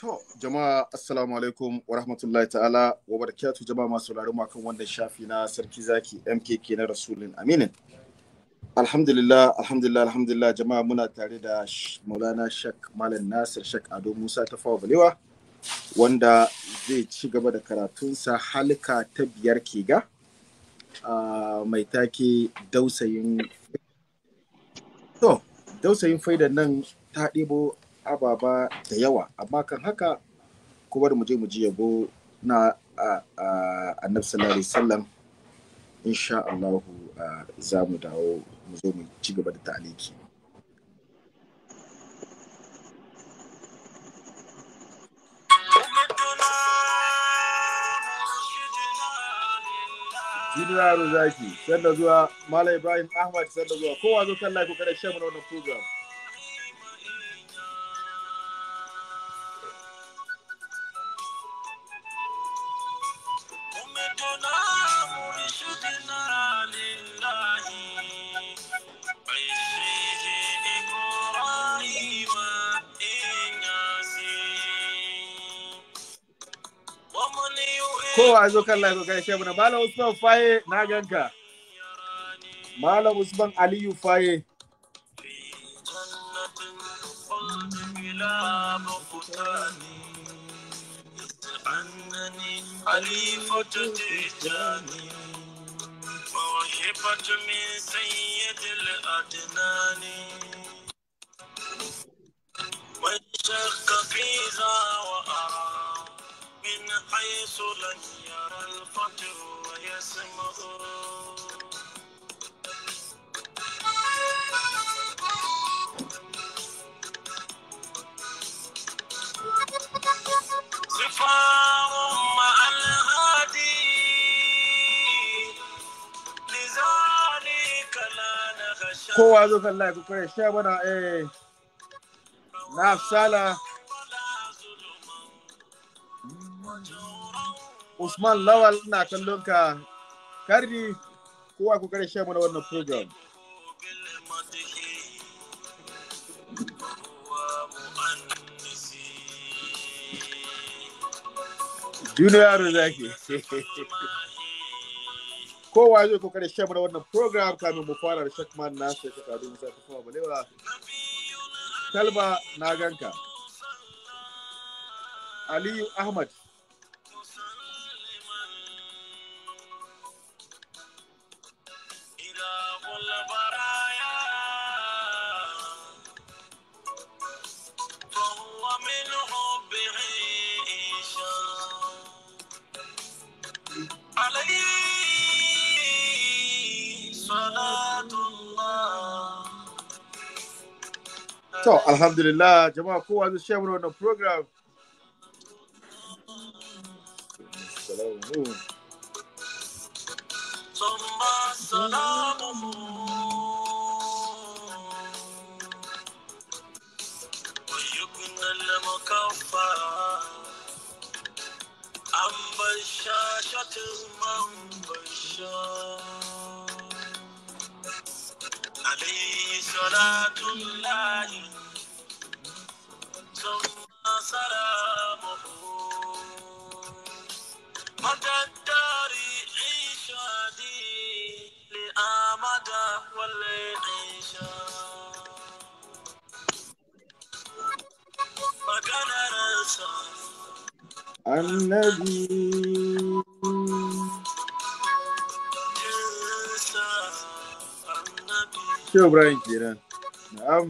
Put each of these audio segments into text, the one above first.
To, jama'a assalamu alaikum wa rahmatullahi ta'ala wa barakatuh jama'a masu sauraron makon kan shafi na sarki zaki MKK na Rasulun Aminin. Alhamdulillah, alhamdulillah, alhamdulillah jama'a muna tare da Maulana Shak Malam Nasir Shak Ado Musa ta fawa balewa wanda zai ci gaba da karatunsa halika ta biyar kiga ga mai take dausayin to dausayin faidan nan ta ɗebo ababa da yawa amma kan haka kuma da muje muji yabo na annabi sallallahu alaihi wasallam insha Allah za mu dawo mu zo mu ci gaba da ta'aliki Jidiraru zaki, sanda zuwa Malam Ibrahim Ahmad sanda zuwa kowa zo kan live ko kada share mana wannan program. zo kan live ga malam Usman Faye na ganka malam Usman Aliyu Faye وانشق من حيث لن يلقط ويسمع زفار مع الهادي لذلك لا نخشى kowa zo kan live kuma ya share mana eh na sala Usman Lawal ina kallon ka kardi kowa ku kare shemu mana wannan program. Duniya da zaki. Kowa zai kokare shemu mana wannan program kamin mu fara da Shakman na sai ka kadu musa ta kuma balewa. Talba na ganka. Aliyu Ahmad To, alhamdulillah, jama'a kowa zai shayar on the program. عليه صلاة الله ثم سلامه مدى الدار عيشادي لآمد والعيشا وكان النبي Shehu Ibrahim kenan. Na'am.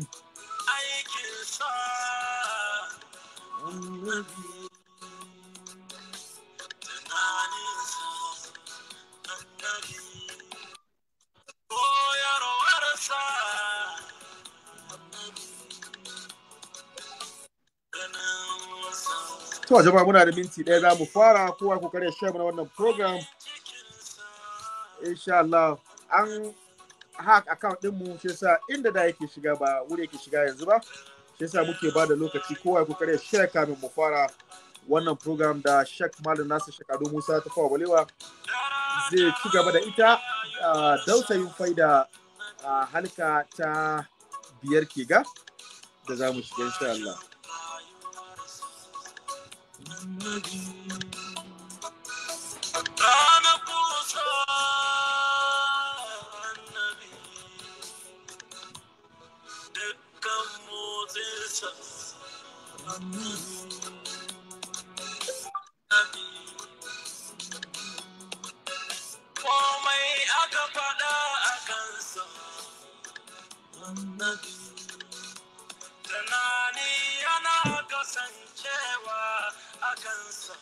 To jama'a muna da minti ɗaya za mu fara kowa kokari ya share mana wannan program. Insha Allah an hack account din mu shi yasa inda da yake shiga ba wuri yake shiga yanzu ba shi yasa muke ba da lokaci kowa ya kokare share kamin mu fara wannan program da Sheikh Malam Nasir Sheikh Ado Musa ta fawa balewa zai ci gaba da ita dausayin faida halka ta biyar ke ga da za mu shiga insha Allah. Oh! Komai aka faɗa a kansa, annabi. Tunani yana kasancewa a kansa,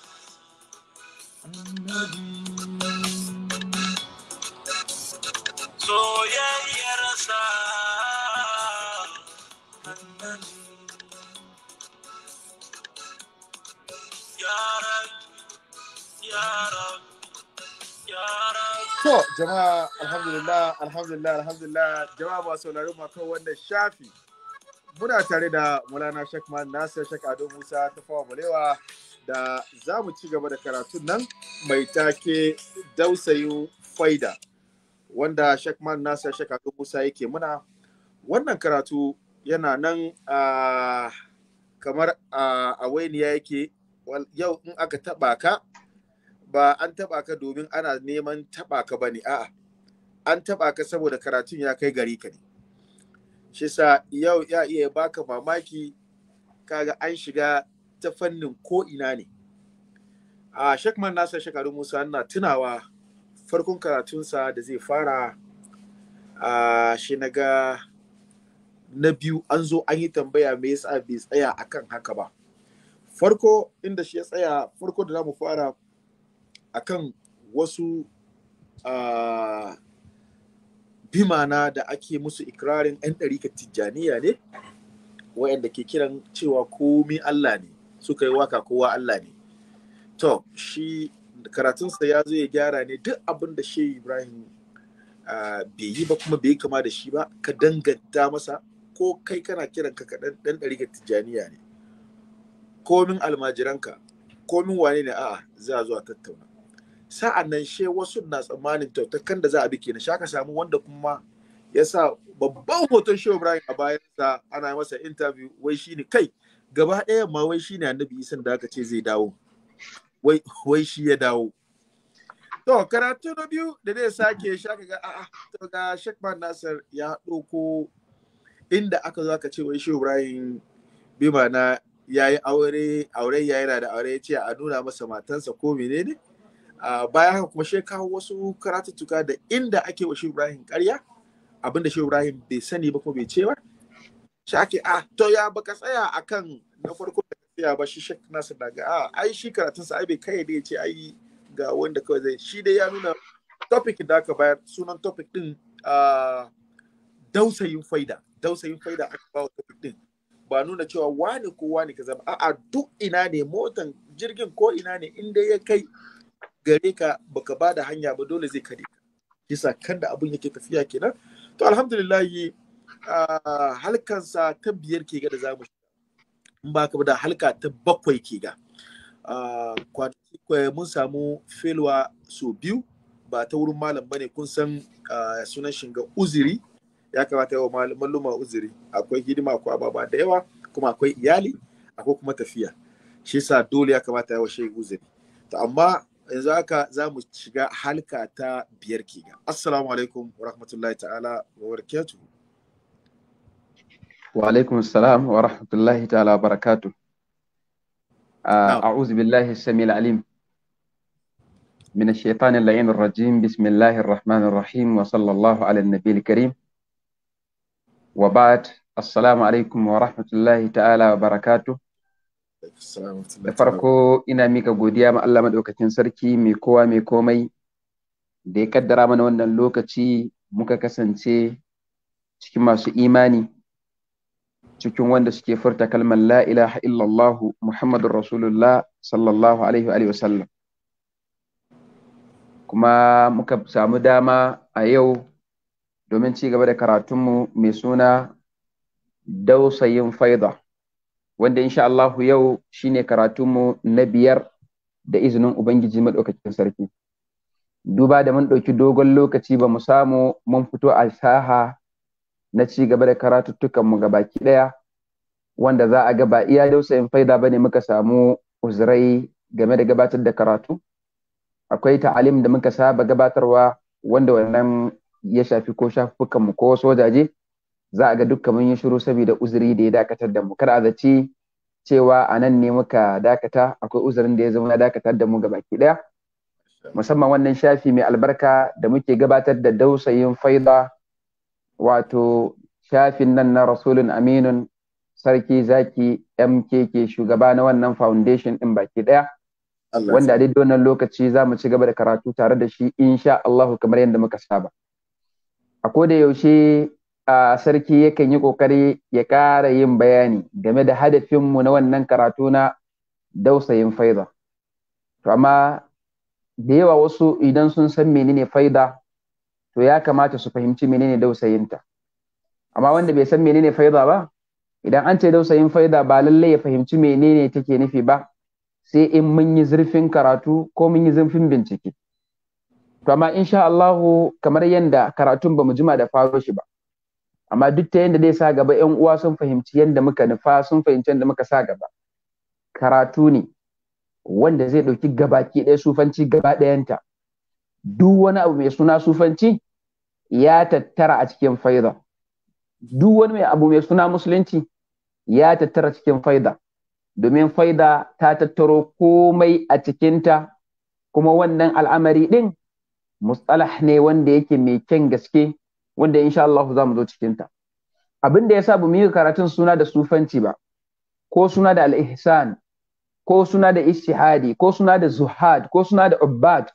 sa Soyayyarsa. To jama'a alhamdulillah alhamdulillah alhamdulillah jama'a ba saurari makon wannan shafi muna tare da Mulana Shekman Man Nasir Sheikh Ado Musa ta fawa Mulewa da za mu ci gaba da karatun nan mai take dausayu faida wanda Shekman Man Nasir Sheikh Ado Musa yake muna wannan karatu yana nan kamar a wainiya yake yau in aka taba ka ba an taɓa ka domin ana neman taɓa ka ba ne a'a an taɓa ka saboda karatun ya kai gari ka ne shi sa yau ya iya baka mamaki kaga an shiga ta fannin ko ina ne a shekman nasa shekaru musa na tunawa farkon karatunsa da zai fara a shi na ga na biyu an zo an yi tambaya me yasa bai tsaya akan haka ba farko inda shi ya tsaya farko da za mu fara akan wasu bimana da ake musu ikirarin 'yan ɗarika tijjaniya ne wayanda ke kiran cewa komi Allah ne suka yi waka kowa Allah ne to shi karatunsa ya zo ya gyara ne duk abin da shehu ibrahim bai yi ba kuma bai kama da shi ba ka danganta masa ko kai kana kiran ka ɗan ɗarika tijjaniya ne komin almajiranka komin wane ne a'a za a zo a tattauna sa'an nan she wasu na tsammanin tautakan da za a na, na shaka samu wanda kuma ya sa babban hoton shehu ibrahim a bayansa ana masa interview wai shine kai gaba ɗaya ma wai shine annabi isan da aka ce zai dawo wai wai shi ya dawo to karatu na biyu da zai sake shaka ga a'a to ga Man Nasir ya ɗauko inda aka zo aka ce wai shehu ibrahim bima na yayi aure aure yayi da aure ya ce a nuna masa matansa ko menene bayan haka kuma shi kawo wasu karatuttuka da inda ake wa shehu ibrahim karya abinda shehu ibrahim bai sani ba kuma bai ce ba shi ake a to ya baka tsaya akan na farko da tsaya ba shi shek nasir daga a ai shi karatun sa ai bai kai da ya ce ai ga wanda kawai zai shi dai ya nuna topic da aka bayar sunan topic din dausayin faida dausayin faida aka bawa topic din ba nuna cewa wani ko wani ka zama. a'a duk ina ne motan jirgin ko ina ne inda ya kai gare ka baka ba da hanya ba dole zai kare ka yasa kan da abun yake tafiya kenan to alhamdulillahi halkansa ta biyar ke ga da zamu in ba ka da halka ta bakwai ke ga eh, mun samu felwa so biyu ba ta wurin malam bane kun san sunan shiga uziri ya kamata yawa malluma uziri akwai hidima akwai ababa da yawa kuma akwai iyali akwai kuma tafiya shi sa dole ya kamata yawa shi uziri to amma yanzu haka za mu shiga halka ta biyar kiga assalamu alaikum wa rahmatullahi ta'ala wa barakatuhu wa alaikum assalam wa rahmatullahi ta'ala wa barakatuhu أعوذ بالله السميع العليم من الشيطان اللعين الرجيم بسم الله الرحمن الرحيم وصلى الله على النبي الكريم وبعد السلام عليكم ورحمة الله wa وبركاته Da farko ina mika godiya ma Allah maɗaukakin sarki mai kowa mai komai da ya kaddara mana wannan lokaci muka kasance cikin masu imani cikin wanda suke furta kalmar la ilaha illallahu Muhammadun Rasulullah sallallahu alaihi wa sallam. Kuma muka samu dama a yau domin ci gaba da karatunmu mai suna dausayin faida. wanda insha Allah yau shine karatunmu na biyar da izinin Ubangiji madaukakin sarki. Duba da mun ɗauki dogon lokaci ba mu samu mun fito a saha na ci gaba da karatuttukanmu ga baki ɗaya, wanda za a ga ba iya dausayin faida ba ne muka samu uzurai game da gabatar da karatu. Akwai ta'alim da muka saba gabatarwa wanda wannan ya shafi ko mu ko sojaje? za a ga duk kamar yi shiru saboda uzuri da ya dakatar da mu kar a zaci cewa a nan ne muka dakata akwai uzurin da ya zama ya dakatar da mu ga baki ɗaya. musamman wannan shafi mai albarka da muke gabatar da dausayin faida wato shafin nan na rasulun aminun sarki zaki mkk shugaba na wannan foundation din baki ɗaya. wanda a daidai wannan lokaci za mu ci gaba da karatu tare da shi insha Allahu kamar yadda muka saba a koda yaushe sarki yakan yi ƙoƙari ya ƙara yin bayani game da hadafinmu na wannan karatu na dausayin faida to amma da yawa wasu idan sun san menene faida to ya kamata su fahimci menene dausayinta amma wanda bai san menene faida ba idan an ce dausayin faida ba lallai ya fahimci menene take nufi ba sai in mun yi zurfin karatu ko mun yi zurfin bincike to amma insha Allahu kamar yadda karatun ba mu jima da faro shi ba amma duk ta yadda zai sa gaba yan uwa sun fahimci yadda muka nufa sun fahimci yadda muka sa gaba karatu ne wanda zai ɗauki gabaki ɗaya sufanci gaba ɗayanta duk wani abu mai suna sufanci ya tattara a cikin faida duk wani mai abu mai suna musulunci ya tattara cikin faida domin faida ta tattaro komai a cikinta kuma wannan al'amari ɗin mustalah ne wanda yake mai kyan gaske wanda insha Allah za mu zo cikin ta abin da yasa mu yi karatun suna da sufanci ba ko suna da al-ihsan ko suna da istihadi ko suna da zuhad ko suna da ubbad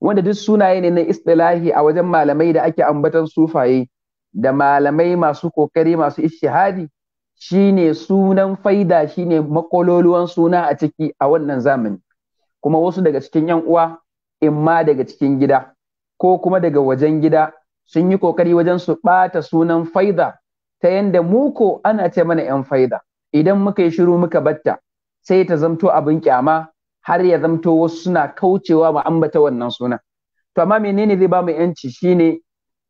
wanda duk sunaye ne na istilahi a wajen malamai da ake ambatan sufaye da malamai masu kokari masu istihadi shine sunan faida shine makololuwan suna a ciki a wannan zamani kuma wasu daga cikin yan uwa imma daga cikin gida ko kuma daga wajen gida sun yi kokari wajen su ɓata sunan faida ta yanda mu ko ana ce mana yan faida idan muka yi shiru muka batta sai ta zamto abin kyama har ya zamto wasu suna kaucewa mu ambata wannan sunan to amma menene zai ba mu yanci shine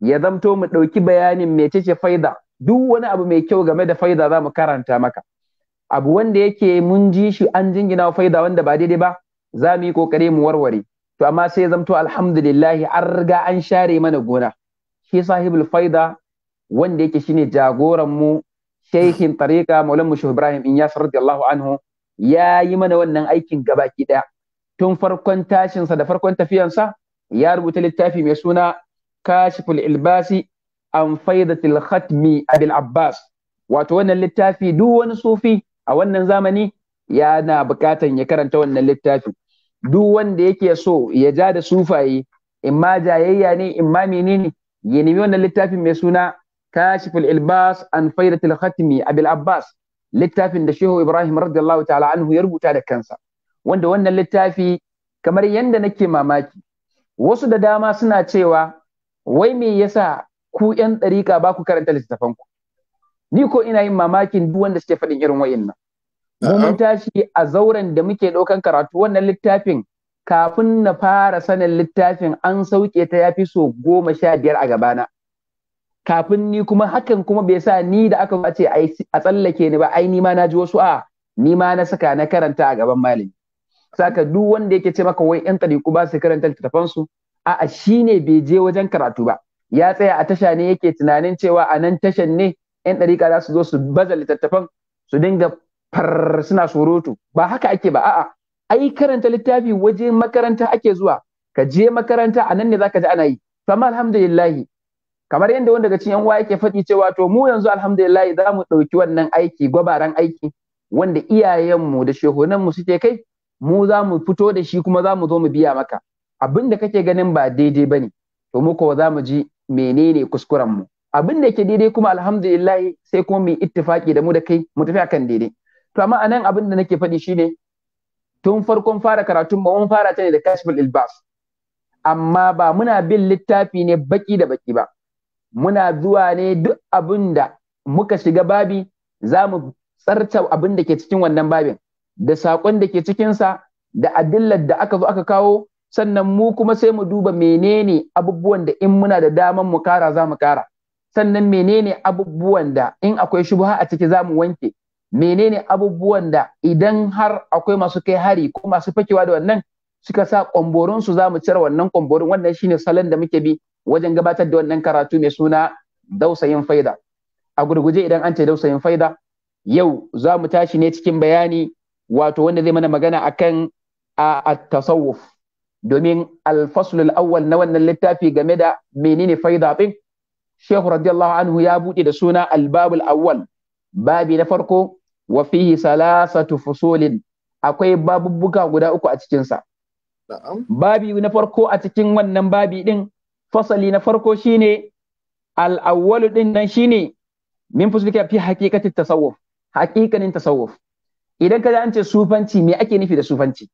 ya zamto mu ɗauki bayanin mecece faida duk wani abu mai kyau game da faida za mu karanta maka abu wanda yake mun ji shi an jingina faida wanda ba daidai ba za mu yi kokari mu warware to amma sai zamto alhamdulillah an riga an share mana gona shi sahibul faida wanda yake shine jagoran mu shaykhin tariqa maulana mushu Ibrahim yasir radiyallahu anhu ya yi mana wannan aikin gabaki daya tun farkon tashinsa da farkon tafiyan sa ya rubuta littafi mai suna kashiful ilbasi an faidatil khatmi abil abbas wato wannan littafi duk wani sufi a wannan zamani yana bukatan ya karanta wannan littafi duk wanda yake so ya ja da sufaye imma jayayya ne imma menene ya nemi wannan littafin mai suna kashiful ilbas an faidatul khatmi abil abbas littafin da shehu ibrahim radiyallahu ta'ala anhu ya rubuta da kansa wanda wannan littafi kamar yanda nake mamaki wasu da dama suna cewa wai me yasa ku yan dariƙa ba ku karanta littattafan ku ni ko ina yin mamakin duk wanda suke faɗin irin wa'innan mun tashi a zauren da muke ɗaukan karatu wannan littafin kafin na fara sanin littafin an sauke ta ya fi so goma sha biyar a gabana kafin ni kuma hakan kuma bai sa ni da aka ce a tsallake ni ba ai ni ma na ji wasu a ni ma na saka na karanta a gaban malami saka duk wanda yake ce maka wai yan ɗariku ba su karanta littattafansu a'a shi ne bai je wajen karatu ba ya tsaya a tasha ne yake tunanin cewa a nan tashan ne yan ɗarika za su zo su baza littattafan su dinga far suna surutu ba haka ake ba a'a ai karanta littafi waje makaranta ake zuwa ka je makaranta anan nan ne zaka ji ana yi amma alhamdulillah kamar yadda wanda daga cikin yan uwa yake faɗi cewa to mu yanzu alhamdulillah za mu ɗauki wannan aiki gwabaran aiki wanda iyayenmu da shehunanmu suke kai mu za mu fito da shi kuma za mu zo mu biya maka abin da kake ganin ba daidai ba ne to mu kuwa za mu ji menene kuskurenmu abin da yake daidai kuma alhamdulillah sai kuma mu ittifaki da mu da kai mu tafi akan daidai to amma anan abin da nake faɗi shine tun farkon fara karatun ba mun fara ta ne da kashful ilbas amma ba muna bin littafi ne baki da baki ba muna zuwa ne duk abin da muka shiga babi za mu tsarta abin da ke cikin wannan babin da saƙon da ke cikinsa da adillar da aka zo aka kawo sannan mu kuma sai mu duba menene abubuwan da in muna da daman mu kara za mu kara sannan menene abubuwan da in akwai shubha a ciki za mu wanke menene abubuwan da idan har akwai masu kai hari ko masu fakewa da wannan suka sa kwamborin su za mu cire wannan kwamborin wannan shine salon da muke bi wajen gabatar da wannan karatu mai suna dausayin faida a gurguje idan an ce dausayin faida yau za mu tashi ne cikin bayani wato wanda zai mana magana akan a tasawuf domin alfaslul awwal na wannan littafi game da menene faida din shehu radiyallahu anhu ya buɗe da suna albabul awwal babi na farko wa fihi salasatu fusulin akwai babubbuka guda uku a cikinsa. Babi na farko a cikin wannan babi ɗin fasali na farko shine al'awwalu ɗin nan shine min fusulika fi haƙiƙatin tasawuf haƙiƙanin tasawuf idan ka ji an ce sufanci me ake nufi da sufanci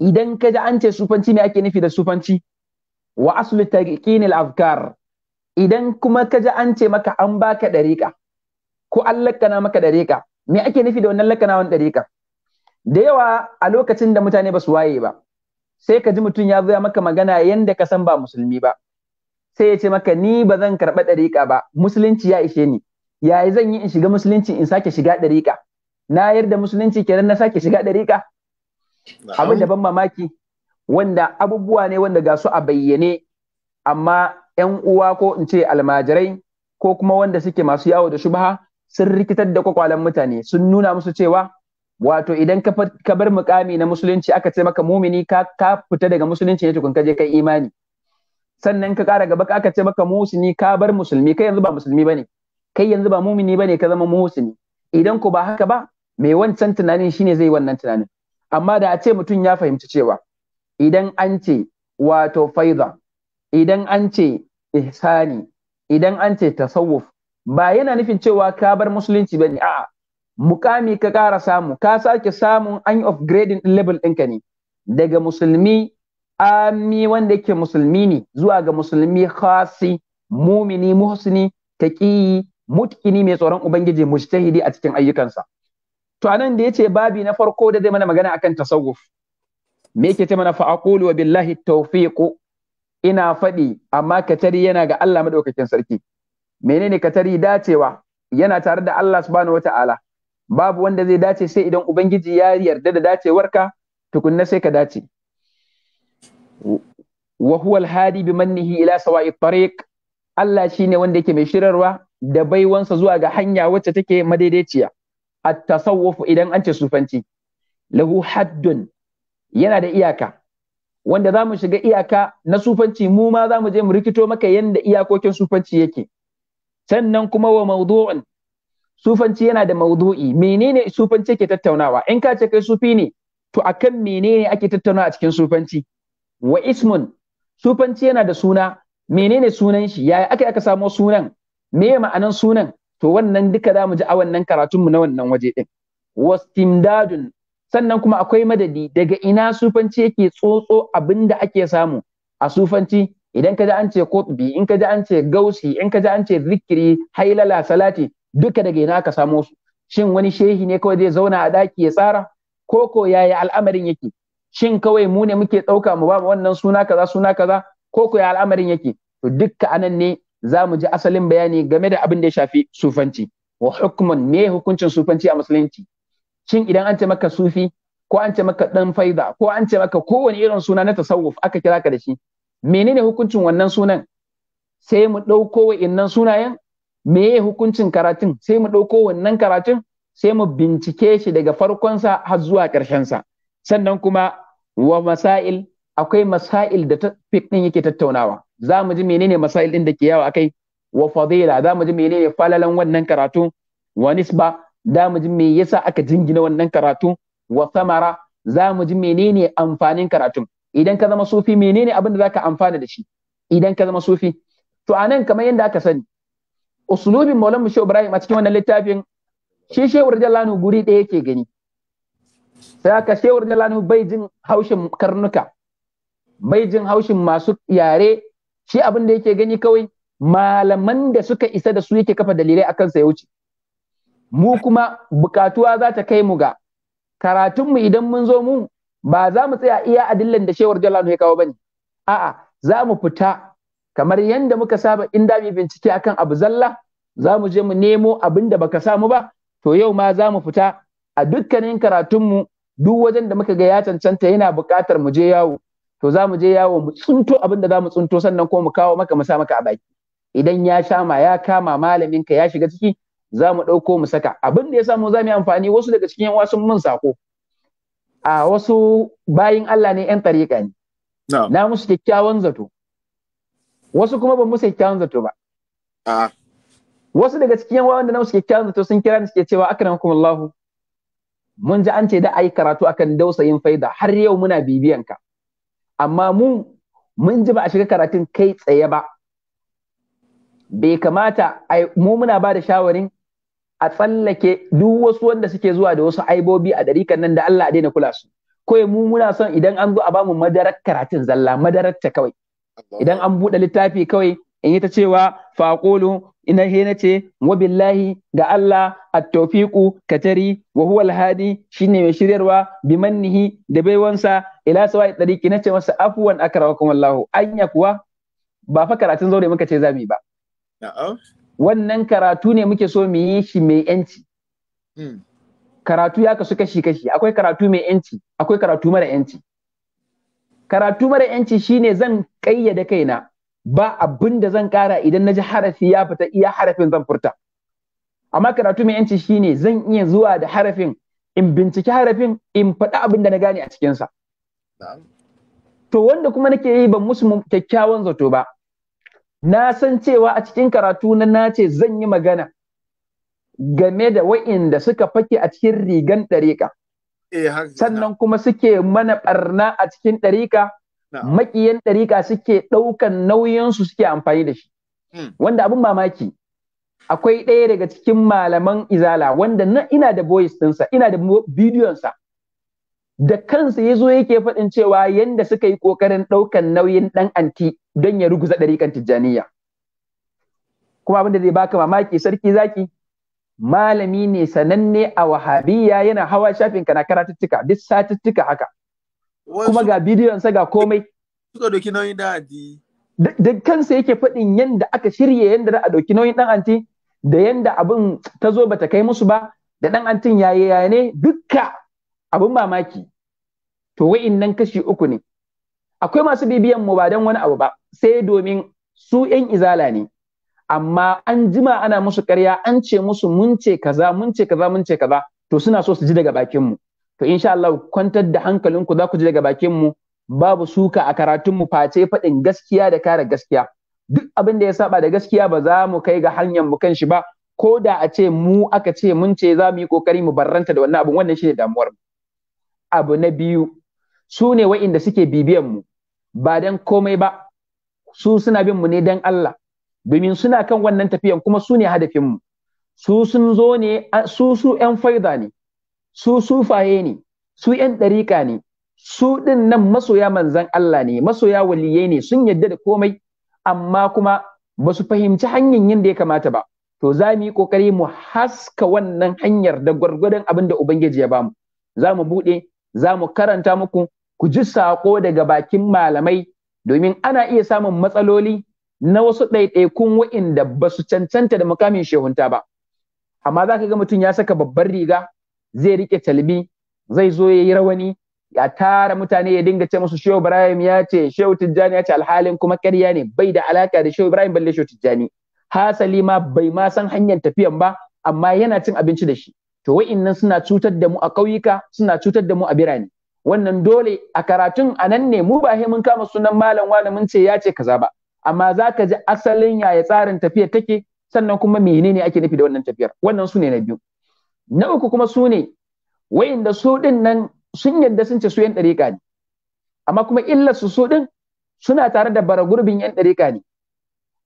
idan ka ji an ce sufanci me ake nufi da sufanci wa aslu taqinil afkar idan kuma ka ji an ce maka an baka dariƙa ko an lakana maka dariƙa me ake nufi da wannan lakana wani dariƙa da yawa a lokacin da mutane ba su waye ba sai ka ji mutum ya zo ya maka magana yanda ka san ba musulmi ba sai ya ce maka ni ba zan karɓa ɗariƙa ba musulunci ya ishe ni yayi zan yi in shiga musulunci in sake shiga ɗariƙa na yarda musulunci kenan na sake shiga ɗariƙa abin da ban mamaki wanda abubuwa ne wanda ga su a bayyane amma 'yan uwa ko in ce almajirai ko kuma wanda suke masu yawo da shubha sun rikitar da kwakwalen mutane sun nuna musu cewa wato idan ka bar mukami na musulunci aka ce maka mumini ka fita daga musulunci ne tukun ka je kai imani sannan ka kara gaba aka ce maka musulmi ka bar musulmi kai yanzu ba musulmi bane kai yanzu ba mumini bane ka zama musulmi idan ku ba haka ba mai wancan tunanin shine zai wannan tunanin amma da a ce mutum ya fahimci cewa idan an ce wato faiza idan an ce ihsani idan an ce tasawuf ba yana nufin cewa ka bar musulunci ba ne a'a mukami ka ƙara samu ka sake samun an yi upgrading level ɗinka ne daga musulmi ami wanda yake musulmi ne zuwa ga musulmi khasi mumini muhsini taqiyi mutkini mai tsoron ubangiji mujtahidi a cikin ayyukansa to anan da yace babi na farko da zai mana magana akan tasawuf me yake ce mana fa wa billahi tawfiq ina faɗi amma katari yana ga Allah madaukakin sarki menene tari dacewa yana tare da Allah subhanahu wata'ala babu wanda zai dace sai idan ubangiji ya yarda da dacewarka tukunna sai ka dace wa huwa alhadi mannihi ila sawa'i tariq Allah shine wanda yake mai shirarwa da baiwansa zuwa ga hanya wacce take madaidaiciya at-tasawuf idan an ce sufanci lahu haddun yana da iyaka wanda za mu shiga iyaka na sufanci mu ma za mu je mu rikito maka yanda iyakokin sufanci yake sannan kuma wa mawdu'un sufanci yana da mawdu'i menene sufanci ke tattaunawa in ka ce kai sufi ne to akan menene ake tattaunawa a cikin sufanci wa ismun sufanci yana da suna menene sunan shi yaya aka aka samo sunan me ma'anan sunan to wannan duka za mu ji a wannan karatun mu na wannan waje din wastimdadun sannan kuma akwai madadi daga ina sufanci yake tsotso abinda ake samu a sufanci idan ka ji an ce in ka ji an ce gausi in ka ji an ce zikiri hailala salati duka daga ina ka samo su shin wani shehi ne kawai zai zauna a daki ya tsara ko ko yaya al'amarin yake shin kawai mu ne muke ɗauka mu ba wannan suna kaza suna kaza ko ko ya al'amarin yake to dukka anan ne za mu ji asalin bayani game da abin da ya shafi sufanci wa hukmun ne hukuncin sufanci a musulunci shin idan an ce maka sufi ko an ce maka dan faida ko an ce maka kowane irin suna na tasawuf aka kira ka da shi menene hukuncin wannan sunan sai mu ɗauko wa'innan sunayen meye hukuncin karatun sai mu ɗauko wannan karatun sai mu bincike shi daga farkonsa har zuwa ƙarshen sa. sannan kuma wa masail akwai masail da fik ɗin yake tattaunawa za mu ji menene masail din da ke yawa akai wa fadila za mu ji menene falalan wannan karatu wa nisba za mu ji me yasa aka jingina wannan karatu wa samara za mu ji menene amfanin karatun idan ka zama sufi menene abin da zaka amfana da shi idan ka zama sufi to anan kamar yadda aka sani uslubin maulan shehu ibrahim a cikin wannan littafin shi shehu rajalanu guri ɗaya yake gani sai aka shehu rajalanu bai jin haushin karnuka bai jin haushin masu yare shi abin da yake gani kawai malaman da suka isa da su yake kafa dalilai akan sa ya wuce mu kuma bukatuwa za ta kai mu ga karatunmu idan mun zo mu ba za mu tsaya iya adillan da shewar jalal ya kawo bane a'a za mu fita kamar yadda muka saba in da bincike akan abu zalla za mu je mu nemo abin da baka samu ba to yau ma za mu fita a dukkanin karatunmu duk wajen da muka ga ya cancanta yana buƙatar mu je yawo to za mu je yawo mu tsunto abin da za mu tsunto sannan ko mu kawo maka mu sa maka a baki idan ya shama ya kama malamin ka ya shiga ciki za mu ɗauko mu saka abin da ya samu za mu yi amfani wasu daga cikin yan wasu mun sako a wasu bayin Allah ne 'yan tariƙa ne. Na musu kyakkyawan zato. Wasu kuma ban musu kyakkyawan zato ba. Wasu daga cikin yawan da na musu kyakkyawan zato sun kira ni suke cewa aka kuma Allahu. Mun ji an ce da yi karatu akan dausayin faida har yau muna bibiyan ka. Amma mu mun ji ba a shiga karatun kai tsaye ba. Bai kamata mu muna ba da shawarin a tsallake duk wasu wanda suke zuwa da wasu aibobi a ɗarikan nan da Allah daina kula su kawai mu muna son idan an zo a bamu madarar karatun zalla madarar ta kawai idan an buɗe littafi kawai in yi ta cewa faƙolu ina he na ce wa billahi ga Allah at-tawfiqu katari wa huwa al-hadi shine mai shiryarwa bi mannihi da baiwansa ila sawai tariqi na ce masa afwan akrawakum Allah anya kuwa ba fa karatun zaure muka ce zami ba wannan karatu ne muke so mu yi shi mai yanci hmm. karatu ya kasu kashi kashi akwai karatu mai yanci akwai karatu mara yanci karatu mara yanci shine zan kayyade kaina ba abin da zan kara idan na ji harafi ya fita iya harafin zan furta amma karatu mai yanci shine zan iya zuwa da harafin in binciki harafin in faɗi abin da na gane a cikinsa to wanda kuma nake yi ban musu kyakkyawan zato ba na san cewa a cikin karatu na nace zan yi magana game da wa'inda suka fake a cikin rigan ɗariƙa. Eh, Sannan kuma suke mana ɓarna a cikin ɗariƙa, maƙiyan ɗariƙa suke ɗaukan nauyinsu suke amfani da shi. Hmm. Wanda abin mamaki, akwai ɗaya daga cikin malaman izala wanda ina da voice ɗinsa, ina da bidiyonsa. da kansa ya zo yake faɗin cewa yanda suka yi ƙoƙarin ɗaukan nauyin ɗan anti don ya ruguza ɗariƙan tijjaniya kuma abin da zai baka mamaki sarki zaki malami ne sananne a wahabiyya yana hawa shafin kana karatuttuka duk satuttuka haka kuma ga bidiyonsa ga komai suka ɗauki nauyin ɗan anti da kansa yake faɗin yanda aka shirya yanda za a ɗauki nauyin ɗan anti da yanda abin ta zo bata kai musu ba da ɗan antin yaye yaye ne dukka abin mamaki to wa'innan kashi uku ne akwai masu bibiyan mu ba don wani abu ba sai domin su yan izala ne amma an jima ana musu ƙarya an ce musu mun ce kaza mun ce kaza mun ce kaza to suna so su ji daga bakin mu to insha Allah kwantar da hankalinku za ku ji daga bakin mu babu suka a karatun mu face faɗin gaskiya da kare gaskiya duk abin da ya saba da gaskiya ba za mu kai ga hanyar mu kan shi ba ko da a ce mu aka ce mun ce za mu yi kokari mu barranta da wannan abin wannan shine damuwar abu na biyu su ne wa'inda suke bibiyan mu ba dan komai ba su suna bin mu ne dan Allah domin suna kan wannan tafiyan kuma su ne hadafin mu su sun zo ne su su ƴan faida ne su sufaye ne su ƴan ɗariƙa ne su ɗin nan masoya manzan Allah ne masoya waliyai ne sun yadda da komai amma kuma ba su fahimci hanyar yadda ya kamata ba to za mu yi ƙoƙari mu haska wannan hanyar da gwargwadon abin da Ubangiji ya bamu za mu buɗe za mu karanta muku ku ji sako daga bakin malamai domin ana iya samun matsaloli na wasu ɗaiɗaikun wa'inda ba su cancanta da mukamin shehunta ba amma za ka ga mutum ya saka babbar riga zai riƙe talbi zai zo ya yi rawani ya tara mutane ya dinga ce musu shehu ibrahim ya ce shehu tijjani ya ce alhalin kuma karya ne bai da alaka da shehu ibrahim balle shehu tijjani hasali ma bai ma san hanyar tafiyan ba amma yana cin abinci da shi to wa'innan suna cutar da mu a ƙauyuka suna cutar da mu a birane wannan dole a karatun a nan ne mu ba mun kama sunan malam wani mun ce ya ce kaza ba amma za ka ji asalin yaya tsarin tafiyar take sannan kuma menene ake nufi da wannan tafiyar wannan su ne na biyu na uku kuma su ne wayanda su din nan sun yadda sun ce su yan dariƙa ne amma kuma illar su su din suna tare da bara gurbin yan dariƙa ne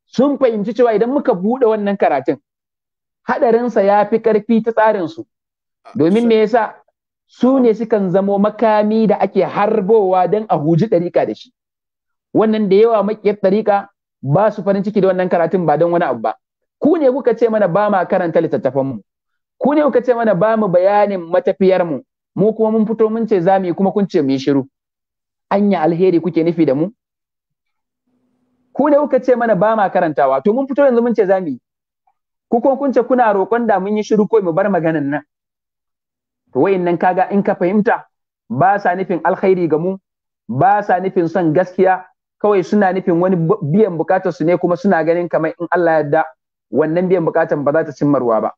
sun fahimci cewa idan muka buɗe wannan karatun haɗarinsa ya fi ƙarfi ta tsarin su domin me yasa su ne sukan zamo makami da ake harbowa don a huji ɗariƙa da shi wannan da yawa maƙiyar ɗariƙa ba su farin ciki da wannan karatun ba don wani abu ba ku ne kuka ce mana ba ma karanta littattafanmu ku ne kuka ce mana ba mu bayanin matafiyarmu mu kuma mun fito mun ce za mu yi kuma kun ce mu yi shiru anya alheri kuke nufi da mu ku ne kuka ce mana ba ma karantawa to mun fito yanzu mun ce za mu yi ku kuma kun ce kuna roƙon da mun yi shiru ko mu bar maganan nan to nan kaga in ka fahimta ba sa nufin alkhairi ga mu ba sa nufin son gaskiya kawai suna nufin wani biyan bukatar su ne kuma suna ganin kamar in Allah yarda wannan biyan bukatar ba za ta cimmarwa ba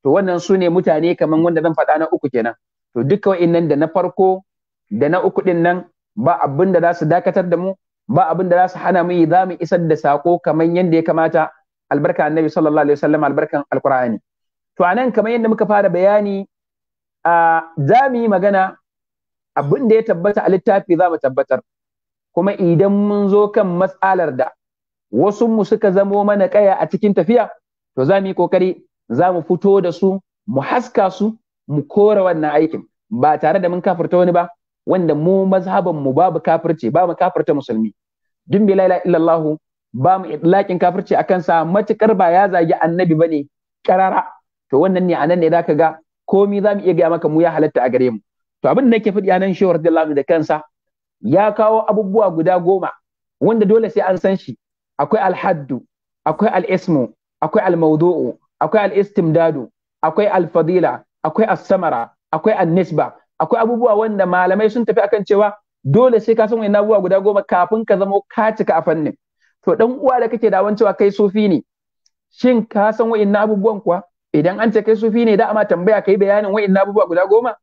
to wannan su ne mutane kamar wanda zan faɗa na uku kenan to duka nan da na farko da na uku din nan ba abin da za su dakatar da mu ba abin da za su hana mu za mu isar da sako kamar yadda ya kamata albarka annabi sallallahu alaihi wasallam albarkan alqur'ani to anan kamar yadda muka fara bayani za mu yi magana abin da ya tabbata a littafi za mu tabbatar kuma idan mun zo kan matsalar da wasu mu suka zamo mana kaya a cikin tafiya to za mu yi kokari za mu fito da su mu haska su mu kore wannan aikin ba tare da mun kafirta wani ba wanda mu mazhaban mu babu kafirci ba mu kafirta musulmi dun bi la illallah ba mu idlakin kafirci akan sa matukar ba ya zagi annabi bane karara to wannan ne anan ne zaka ga komi za mu iya gaya maka mu ya halatta a gare mu to abin da nake faɗi a nan shehu radiyallahu da kansa ya kawo abubuwa guda goma wanda dole sai an san shi akwai alhaddu akwai al'ismu akwai almaudu'u akwai al'istimdadu akwai alfadila akwai as-samara akwai an akwai abubuwa wanda malamai sun tafi akan cewa dole sai ka san wani abubuwa guda goma kafin ka zama ka cika a fannin to dan uwa da kake da cewa kai sufi ne shin ka san wani abubuwan kuwa idan an ce kai sufi ne da ama tambaya kai bayanin wa'in abubuwa guda goma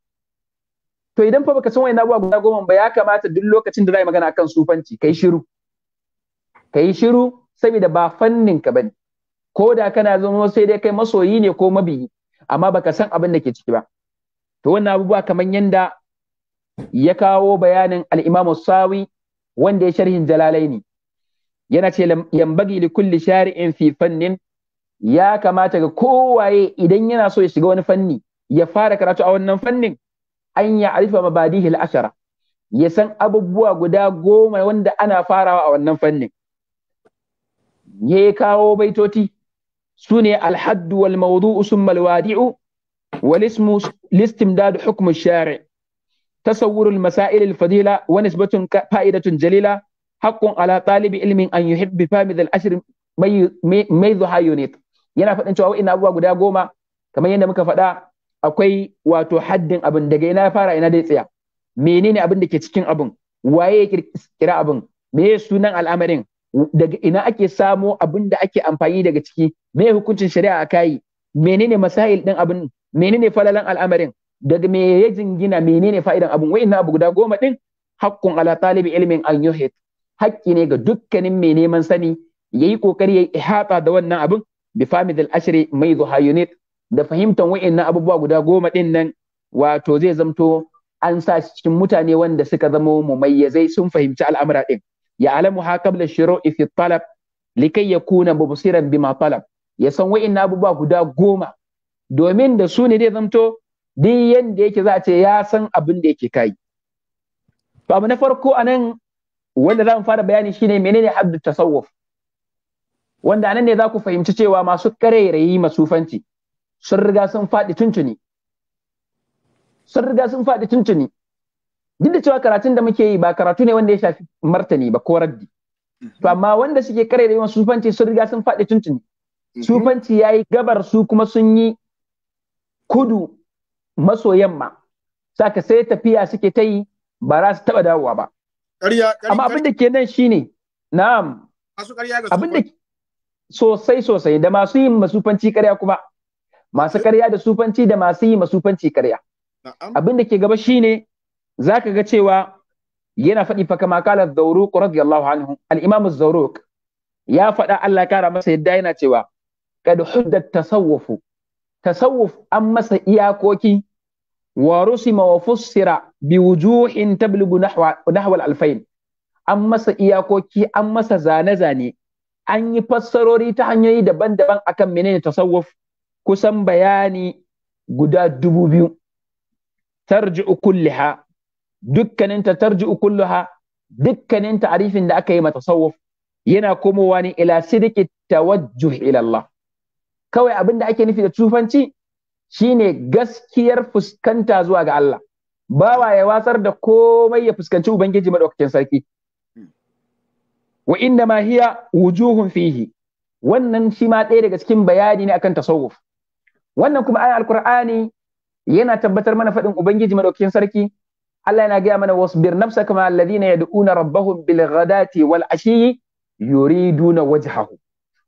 to idan fa baka san wa'in abubuwa guda goma ba ya kamata duk lokacin da za yi magana akan sufanci kai shiru kai shiru saboda ba fannin ka bane ko da kana zama sai dai kai masoyi ne ko mabiyi amma baka san abin da ke ciki ba to wannan abubuwa kamar yanda ya kawo bayanin al-Imam sawi wanda ya sharhin jalalaini yana ce yambagi li kulli shari'in fi fannin ya kamata ga kowaye idan yana so ya shiga wani fanni ya fara karatu a wannan fannin an ya arifa mabadihil ashara ya san abubuwa guda goma wanda ana farawa a wannan fannin ya kawo baitoti su ne alhaddu wal mawdu'u summa wadi'u wal ismu listimdad hukm shari tasawwur al-masail fadila wa nisbatun fa'idatun jalila haqqun ala talibi ilmin an yuhibbi fami dhal yana faɗin cewa wa'in abubuwa guda goma kamar yadda muka faɗa akwai wato haddin abin daga ina ya fara ina dai tsaya menene abin da ke cikin abin waye ya kirkira abin me sunan al'amarin daga ina ake samo abin da ake amfani daga ciki me hukuncin shari'a a kai menene masail din abin menene falalan al'amarin daga me ya jingina menene fa'idan abin wa'in abu guda goma din hakkun ala talibi ilmin an yuhit hakki ne ga dukkanin mai neman sani yayi kokari ya ihata da wannan abin bi famidil ashri mai da fahimtan wa'annan abubuwa guda goma din nan wato zai zamto an sa cikin mutane wanda suka zamo mumayyazai sun fahimci al'amura din ya alamu ha qabla shuru'i fi talab likay yakuna mubsiran bima talab ya san wa'annan abubuwa guda goma domin da su ne zai zamto duk yanda yake za a ce ya san abin da yake kai to abu na farko anan wanda zan fara bayani shine menene haddu tasawuf wanda anan ne za ku fahimci cewa masu karairayi masufanci sun riga sun faɗi tuntuni sun riga sun faɗi tuntuni duk da cewa karatun da muke yi ba karatu ne wanda ya shafi martani ba ko raddi to mhm. amma wanda suke karairayi masufanci sun riga sun faɗi tuntuni mhm. sufanci ya yi gabar su kuma sun yi kudu maso yamma saka sai tafiya suke ta yi ba za su taɓa dawowa ba. Amma abin da ke nan shi ne, na'am. Abin da sosai sosai da masu yin masufanci karya kuma masu karya eh. da sufanci da masu yi masufanci karya abin da ke gaba shine zaka ga cewa yana faɗi fa kama kala zawruq radiyallahu anhu al-imam zawruq ya faɗa Allah kara masa yadda yana cewa kad hudda tasawwuf tasawwuf an masa iyakoki wa rusima wa fussira bi wujuhin tablugu nahwa nahwa al-alfayn an masa iyakoki an masa zane zane an yi fassarori ta hanyoyi daban-daban akan menene tasawuf kusan bayani guda dubu biyu tarji ukulliha. dukkaninta tarji ukulliha, dukkanin ta'arifin da aka yi ma tasawuf yana komowa ne ila sidiki tawajjuh ila kawai abin da ake nufi da tufanci shine gaskiyar fuskanta zuwa ga Allah bawa ya wasar da komai ya fuskanci ubangiji madaukakin sarki wa mahiya ma hiya wujuhun fihi wannan shi ma ɗaya daga cikin bayani ne akan tasawuf wannan kuma ayan alqur'ani yana tabbatar mana faɗin ubangiji madaukakin sarki Allah yana gaya mana wasbir nafsaka ma alladhina yad'una rabbahum bil ghadati wal ashiyi yuriduna wajhahu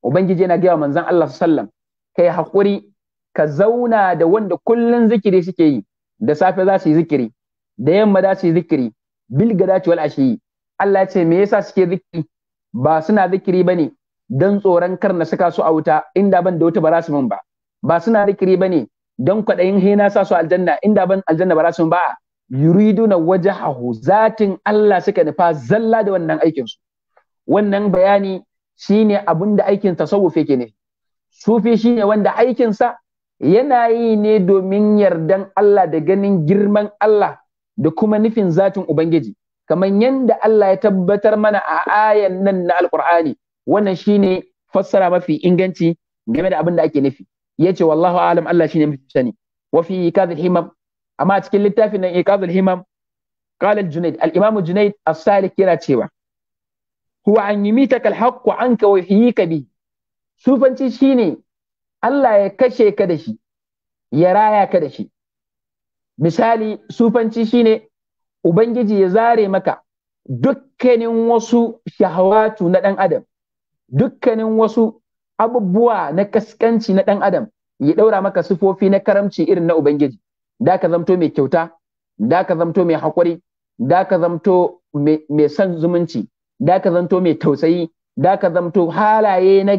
ubangiji yana gaya manzon Allah sallam kai hakuri ka zauna da wanda kullun zikiri suke yi da safe za su yi zikiri da yamma za su yi zikiri bil ghadati wal ashiyi Allah ya ce me yasa suke zikiri ba suna zikiri ne don tsoron kar na saka su a wuta inda ban da wuta ba za su min ba ba suna zikiri ne don kwaɗayin hena sa su aljanna inda ban aljanna ba za su min ba yuriduna hahu zatin Allah suka nufa zalla da wannan aikin su wannan bayani shine abin da aikin tasawuf yake ne sufi shine wanda aikinsa yana yi ne domin yardan Allah da ganin girman Allah da kuma nufin zatin Ubangiji kamar yanda Allah ya tabbatar mana a ayan nan na Alƙur'ani. wannan shine fassara mafi inganci game da abin da ake nufi yace wallahu alam Allah shine mafi sani wa fi kadhil himam amma cikin littafin nan iqadul himam قال الجنيد الإمام الجنيد السالك يرى cewa هو أن يميتك الحق عنك ويحييك bi? sufanci shine Allah ya kashe ka da shi ya raya ka da shi misali sufanci shine ubangiji ya zare maka dukkanin wasu shahawatu na ɗan adam dukkanin wasu abubuwa na kaskanci na ɗan adam ya ɗaura maka sufofi na karamci irin na ubangiji da ka zamto mai kyauta da ka zamto mai haƙuri da ka zamto mai son zumunci da ka zamto mai tausayi da ka zamto halaye na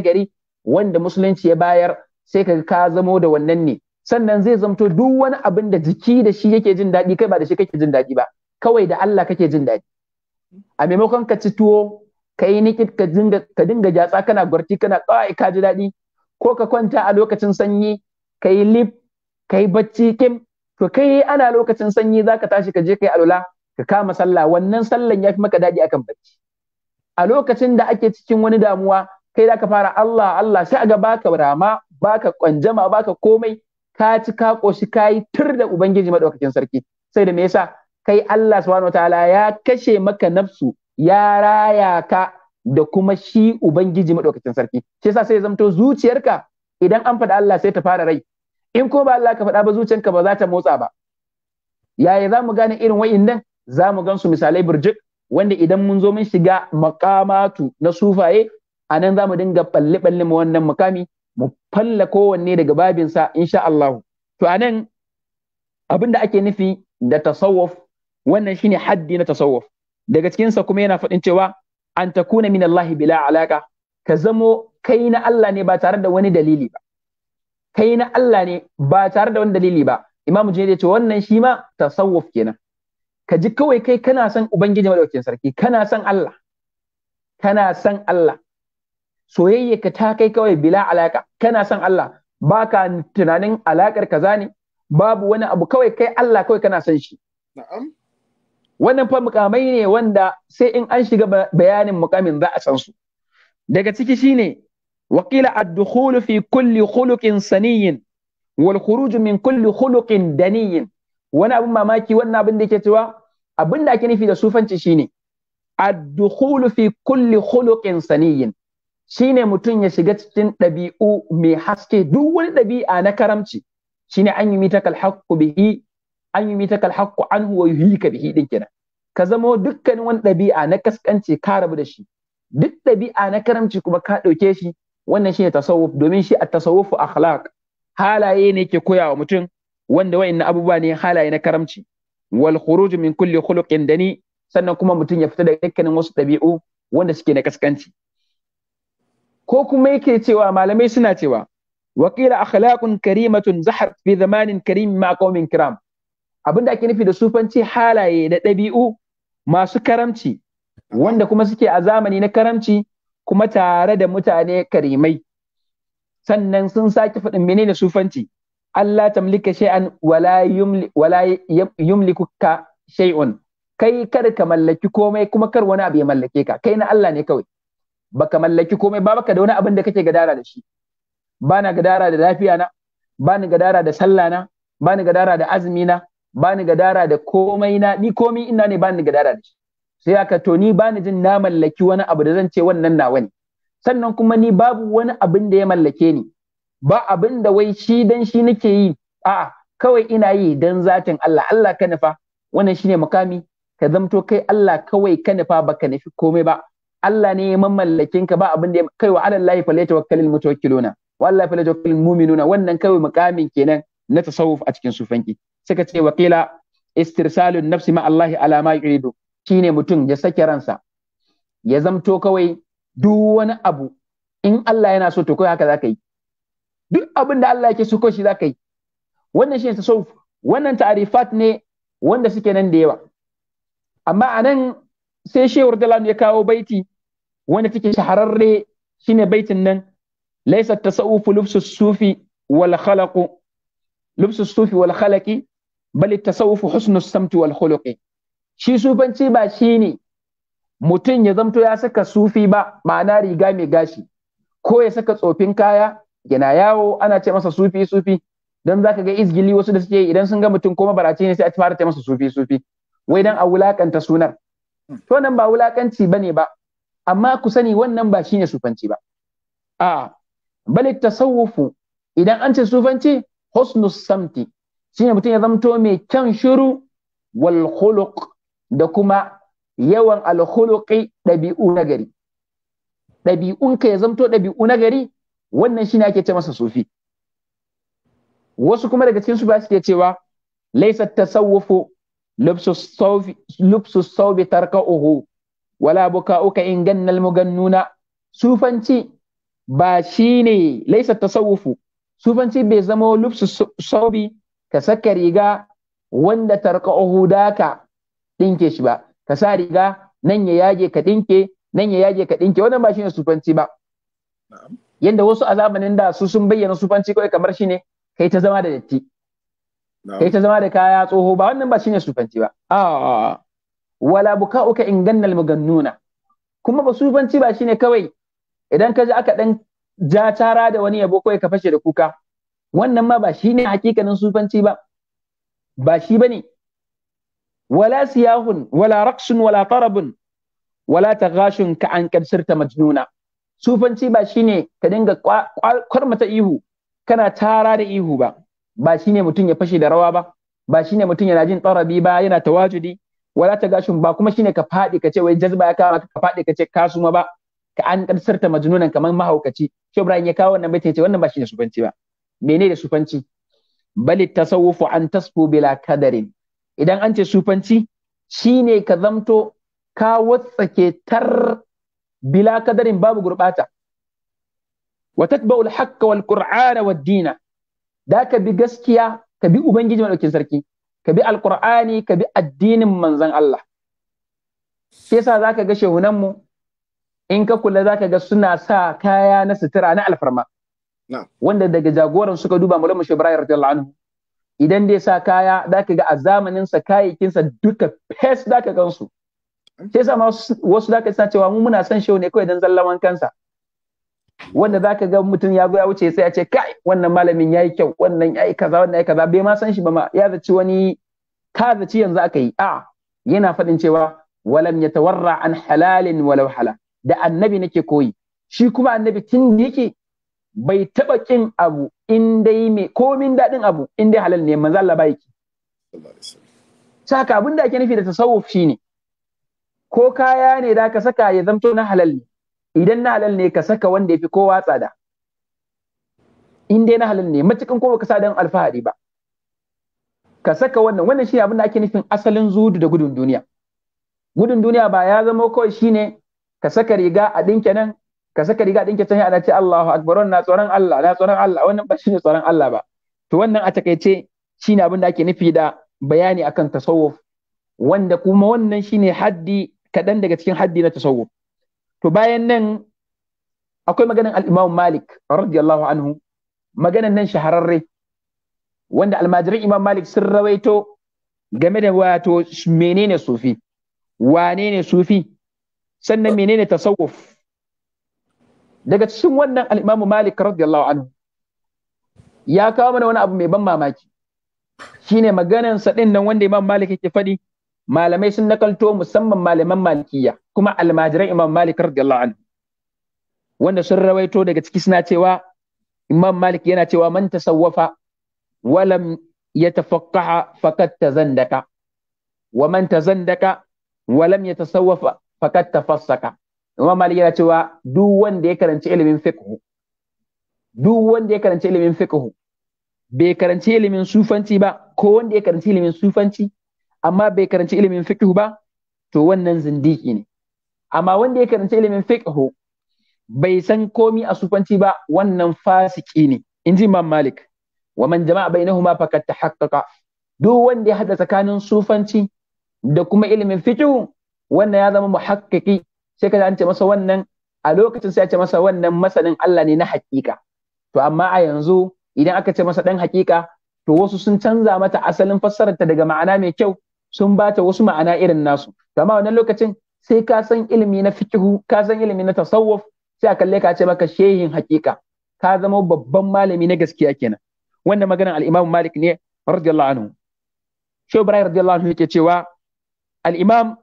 gari wanda musulunci ya bayar sai ka ka zamo da wannan ne sannan zai zamto duk wani abin da jiki da shi yake jin daɗi kai ba da shi kake jin daɗi ba kawai da Allah kake jin daɗi a maimakon ka ci tuwo ka yi nikit ka dinga ka jatsa kana gwarti kana kawai ka ji daɗi ko ka kwanta a lokacin sanyi ka yi lip ka yi bacci kim to kai ana lokacin sanyi zaka tashi ka je kai alula ka kama sallah wannan sallan ya fi maka daɗi akan bacci a lokacin da ake cikin wani damuwa kai zaka fara Allah Allah sai a ga baka rama baka kwanjama baka komai ka ci ka ƙoshi ka yi tur da ubangiji madaukakin sarki sai da me yasa kai Allah subhanahu wataala ya kashe maka nafsu ya raya ka da kuma shi ubangiji madaukakin sarki shi yasa sai zamto zuciyarka idan an faɗa Allah sai ta fara rai in ko ba Allah ka faɗa ba zuciyarka ba za ta motsa ba yaya za mu gane irin wa'innan za mu gan misalai burjik wanda idan mun zo mun shiga makamatu na sufaye a nan za mu dinga balle balle ma wannan mukami mu falla kowanne daga babinsa insha Allah to anan abin da ake nufi da tasawwaf, wannan shine haddi na tasawwaf. daga cikinsa kuma yana faɗin cewa an takuna min Allah bila alaka ka zamo kai na Allah ne ba tare da wani dalili ba kai na Allah ne ba tare da wani dalili ba imamu jini ya ce wannan shi ma tasawwaf kenan ka ji kawai kai kana son ubangiji maɗaukin sarki kana son Allah kana son Allah soyayya ka ta kai kawai bila alaka kana son Allah baka tunanin alakar kaza ne babu wani abu kawai kai Allah kawai kana son shi na'am wannan fa mukamai ne wanda sai in an shiga bayanin mukamin za a san su daga ciki shine wakila ad-dukhulu fi kulli khuluqin saniyin wal khuruj min kulli khuluqin daniyin wani abin mamaki wannan abin da yake cewa abin da ake nufi da sufanci shine ad-dukhulu fi kulli khuluqin saniyin Shi ne mutum ya shiga cikin ɗabi'u mai haske duk wani ɗabi'a na karamci Shi ne an yi mita kalhaku bihi an yi mita kalhaqqu anhu wa ka bihi ɗin kenan ka zama dukkanin wani ɗabi'a na kaskanci ka rabu da shi duk ɗabi'a na karamci kuma ka ɗauke shi wannan shi ne tasawuf domin shi a tasawufu akhlaq halaye ne ke wa mutum wanda wayannan abubuwa ne halaye na karamci wal khuruj min kulli khuluqin dani sannan kuma mutum ya fita daga dukkanin wasu ɗabi'u wanda suke na kaskanci ko kuma yake cewa malamai suna cewa wakila akhlaqun karimatun zahar fi zamanin karim ma qaumin kiram abinda ake nufi da sufanci halaye da ɗabi'u masu karamci wanda kuma suke a zamani na karamci kuma tare da mutane karimai sannan sun sake faɗin menene sufanci Allah tamlika shay'an wala yumli wala yumlikuka shay'un kai kar ka mallaki komai kuma kar wani abu ya mallake ka kai na Allah ne kawai baka mallaki komai ba baka da wani abin da kake gadara da shi ba na gadara da lafiya na ba ni gadara da sallah na ba ni gadara da azumi na ba ni gadara da komai na ni komai ina ne ba ni gadara da shi sai aka to ni ba ni jin na mallaki wani abu da zan ce wannan nawa ne sannan kuma ni babu wani abin da ya mallake ni ba abin da wai shi dan shi nake yi a'a kawai ina yi dan zatin Allah Allah ka nufa wannan shine mukami ka zamto kai Allah kawai ka nufa baka nufi komai ba Allah ne ya mamallakin ka ba abin da kai wa ala lahi falle tawakkalul mutawakkiluna wa Allah falle mu'minuna wannan kawai mukamin kenan na tasawuf a cikin sufanki suka ce wakila istirsalun nafsi ma Allah ala ma yuridu shine mutum ya sake ransa ya zamto kawai duk wani abu in Allah yana so to kai haka zaka yi duk abin da Allah yake so ko shi zaka yi wannan shine tasawuf wannan ta'rifat ne wanda suke nan da yawa amma anan sai Shewar radiyallahu ya kawo baiti wanda take shahararre shine baitin nan laysa tasawufu lubsu sufi wal khalaqu lubsu sufi wal khalaqi bal tasawufu husnu samti wal khuluqi shi sufanci ba shine mutum ya zamto ya saka sufi ba ma'ana riga mai gashi ko ya saka tsofin kaya yana yawo ana ce masa sufi sufi dan zaka ga izgili wasu da suke idan sun ga mutum ko mabarace ne sai a fara ce masa sufi sufi wai dan a wulakanta sunar to nan ba wulakanci ne ba amma ku sani wannan ba shine sufanci ba a bal tasawufu idan an ce sufanci husnus samti shine mutum ya zamto mai kyan shiru wal khuluq da kuma yawan al khuluqi dabi'u nagari dabi'un ka ya zamto dabi'u nagari wannan shine ake ce masa sufi wasu kuma daga cikin su ba su ke cewa laysa tasawufu lubsu saubi tarka uhu wala buka uka in gannal mugannuna sufanci ba shine laisa tasawufu sufanci bai zama lubsu saubi ka saka riga wanda tarka uhu daka dinke shi ba ka sa riga nan ya yage ka dinke nan ya yage ka dinke wannan ba shine sufanci ba Yadda wasu a zamanin da su sun bayyana sufanci kawai kamar shine kai ta zama da datti sai ta zama da kaya tsoho ba wannan ba shine sufanci ba a wala buka'uka uka ingannal mugannuna kuma ba sufanci ba shine kawai idan ka ji aka dan ja tara da wani yabo kawai ka fashe da kuka wannan ma ba shine hakikanin sufanci ba ba shi bane wala siyahun wala raqsun wala tarabun wala taghashun ka an kadsirta majnuna sufanci ba shine ka dinga kwarmata ihu kana tara da ihu ba ba shine mutum ya fashe da rawa ba ba shine mutum yana jin tsarabi ba yana tawajudi wala ta gashin ba kuma ne ka faɗi ka ce wai jazba ya kama ka faɗi ka ce ka suma ba ka an karsarta majnunan kamar mahaukaci shi Ibrahim ya kawo wannan baitin ce wannan ba ne sufanci ba menene da sufanci bal tasawufu an tasfu bila kadarin idan an ce sufanci shine ka zamto ka watsake tar bila kadarin babu gurbata wa tatba'u al-haqqa wal qur'ana wad dina da ka bi gaskiya ka bi ubangiji madaukin sarki ka bi alqur'ani ka bi addinin manzon Allah sai sa zaka ga shehunan mu in ka kula zaka ga suna sa kaya na sutura na alfarma wanda daga jagoran suka duba mulama shibrai radiyallahu anhu idan dai sa kaya zaka ga a zamanin sa kayayyakin sa duka fes zaka gansu sai sa wasu zaka suna cewa mu muna son shehu ne kawai dan zallaman kansa wanda za ka ga mutum ya zo ya wuce sai ya ce kai wannan malamin ya yi kyau wannan ya yi kaza wannan ya yi kaza bai ma san shi ba ma ya zaci wani ka zaci yanzu aka yi a yana faɗin cewa walam ya yatawarra an halalin walau hala da annabi nake koyi shi kuma annabi tun yake bai taɓa kin abu in dai me komin daɗin abu in dai halal ne manzo Allah bai ki saka abin da ake nufi da tasawuf ne. ko kaya ne da ka saka ya zamto na halal ne idan na halal ne ka saka wanda ya fi kowa tsada in dai na halal ne matukan ko ka sa dan alfahari ba ka saka wannan wannan shi abin da ake nufin asalin zudu da gudun duniya gudun duniya ba ya zama kawai shine ka saka riga a dinke nan ka saka riga a dinke can ana ce Allahu akbar na tsoron Allah na tsoron Allah wannan ba shine tsoron Allah ba to wannan a takaice shine abin da ake nufi da bayani akan tasawuf wanda kuma wannan shine haddi kaɗan daga cikin haddi na tasawuf to bayan nan akwai maganan al Malik radiyallahu anhu maganan nan shahararre wanda almajirin Imam Malik sun rawaito game da wato menene sufi wane ne sufi sannan menene tasawuf daga cikin wannan al Malik radiyallahu anhu ya kawo mana wani abu mai ban mamaki Shi ne maganansa din nan wanda Imam Malik yake faɗi malamai sun nakalto musamman malaman malikiya kuma almajiran imam malik radiyallahu anhu wanda sun rawaito daga ciki suna cewa imam malik yana cewa man tasawwafa walam yatafaqqaha faqad tazandaka wa man tazandaka walam yatasawwafa faqad tafassaka imam malik yana cewa duk wanda ya karanci ilimin fiqh duk wanda ya karanci ilimin fiqh bai karanci ilimin sufanci ba ko wanda ya karanci ilimin sufanci amma bai karanci ilimin fiqh ba to wannan zindiki ne amma wanda ya karanci ilimin fiqh bai san komi a sufanci ba wannan fasiki ne inji Imam Malik wa man jama'a bainahuma faqad tahaqqaqa duk wanda ya hada tsakanin sufanci da kuma ilimin fiqh wannan ya zama muhakkiki sai ka an ce masa wannan a lokacin sai a ce masa wannan masanin Allah ne na hakika to amma a yanzu idan aka ce masa dan hakika to wasu sun canza mata asalin fassararta daga ma'ana mai kyau sun bata wasu ma'ana irin nasu amma wannan lokacin sai ka san ilimi na fikihu ka san ilimi na tasawuf sai a kalle ka ce maka shehin hakika ka zama babban malami na gaskiya kenan wannan maganar al-Imam Malik ne radiyallahu anhu Shehu Ibrahim radiyallahu anhu yake cewa al-Imam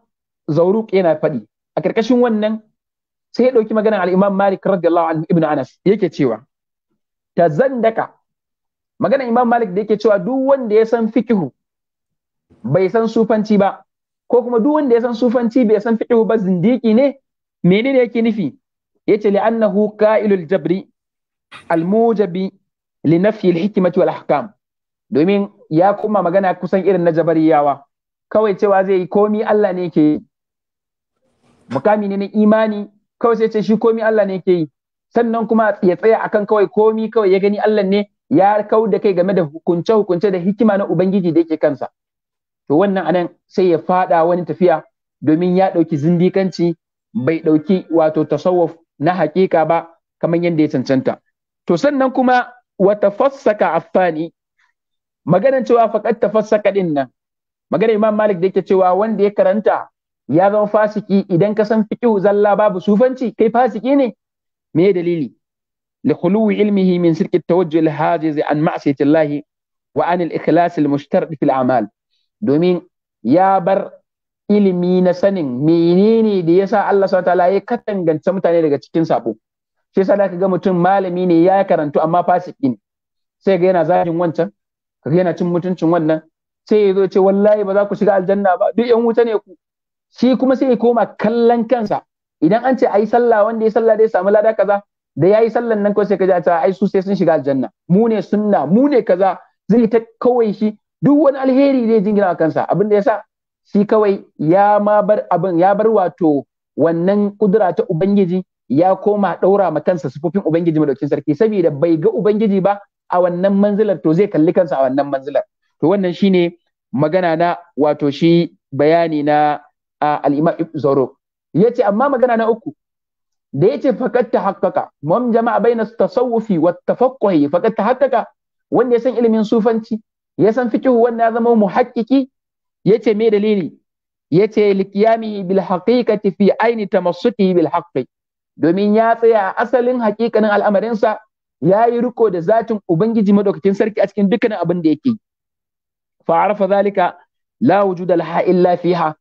Zawruq yana faɗi a karkashin wannan sai ya ɗauki maganar al-Imam Malik radiyallahu anhu Ibn Anas yake cewa ta zandaka maganar Imam Malik da yake cewa duk wanda ya san fikihu bai san sufanci ba ko kuma duk wanda ya san sufanci bai san fiqh ba zindiki ne menene yake nufi yace li annahu qa'ilul jabri al li nafyi al wal ahkam domin ya kuma magana kusan irin na jabariyawa kawai cewa zai yi komi Allah ne ke mukami ne na imani kawai sai ce shi komi Allah ne ke yi sannan kuma ya tsaya akan kawai komi kawai ya gani Allah ne ya kau da kai game da hukunce hukunce da hikima na ubangiji da yake kansa to wannan anan sai ya fada wani tafiya domin ya ɗauki zindikanci bai ɗauki wato tasawuf na haƙiƙa ba kamar yadda ya cancanta to sannan kuma wata fassaka affani magana cewa faqad tafassaka din nan maganar imam malik da yake cewa wanda ya karanta ya zama fasiki idan ka san fiqhu zalla babu sufanci kai fasiki ne me dalili li khuluwi ilmihi min sirki tawajjuh hajiz an ma'siyati allah wa an al ikhlas al mushtard fi al a'mal domin ya bar ilimi na sanin menene da yasa Allah SWT wataala ya katangance mutane daga cikin sabo shi yasa da ga mutum malami ne ya karantu amma fasiki ne sai ga yana zagin wancan Ka yana cin mutuncin wannan sai ya zo ce wallahi ba za ku shiga aljanna ba duk yan wuta ne ku shi kuma sai ya koma kallon kansa idan an ce a yi sallah wanda ya sallah ya samu lada kaza da yayi sallan nan ko sai ka ji a ai su sai sun shiga aljanna mu ne sunna mu ne kaza zai ta kawai shi duk wani alheri zai jingina a kansa abin da yasa shi kawai ya ma bar abin ya bar wato wannan kudura ta ubangiji ya koma daura ma kansa sufofin ubangiji madaukin sarki saboda bai ga ubangiji ba a wannan manzilar to zai kalli kansa a wannan manzilar to wannan shine magana na wato shi bayani na al-imam zoro yace amma magana na uku da yace faqat tahaqqaqa mum jama'a bainas tasawufi wat tafaqquhi faqat tahaqqaqa wanda ya san ilimin sufanci ya san fikihu wanda ya zama muhakkiki yace me dalili yace liqiyami bil haqiqati fi aini tamassuki bil haqqi domin ya tsaya asalin haƙiƙanin al'amarinsa ya yi riko da zatin ubangiji madaukakin sarki a cikin dukkanin abin da yake fa arafa zalika la wujuda laha illa fiha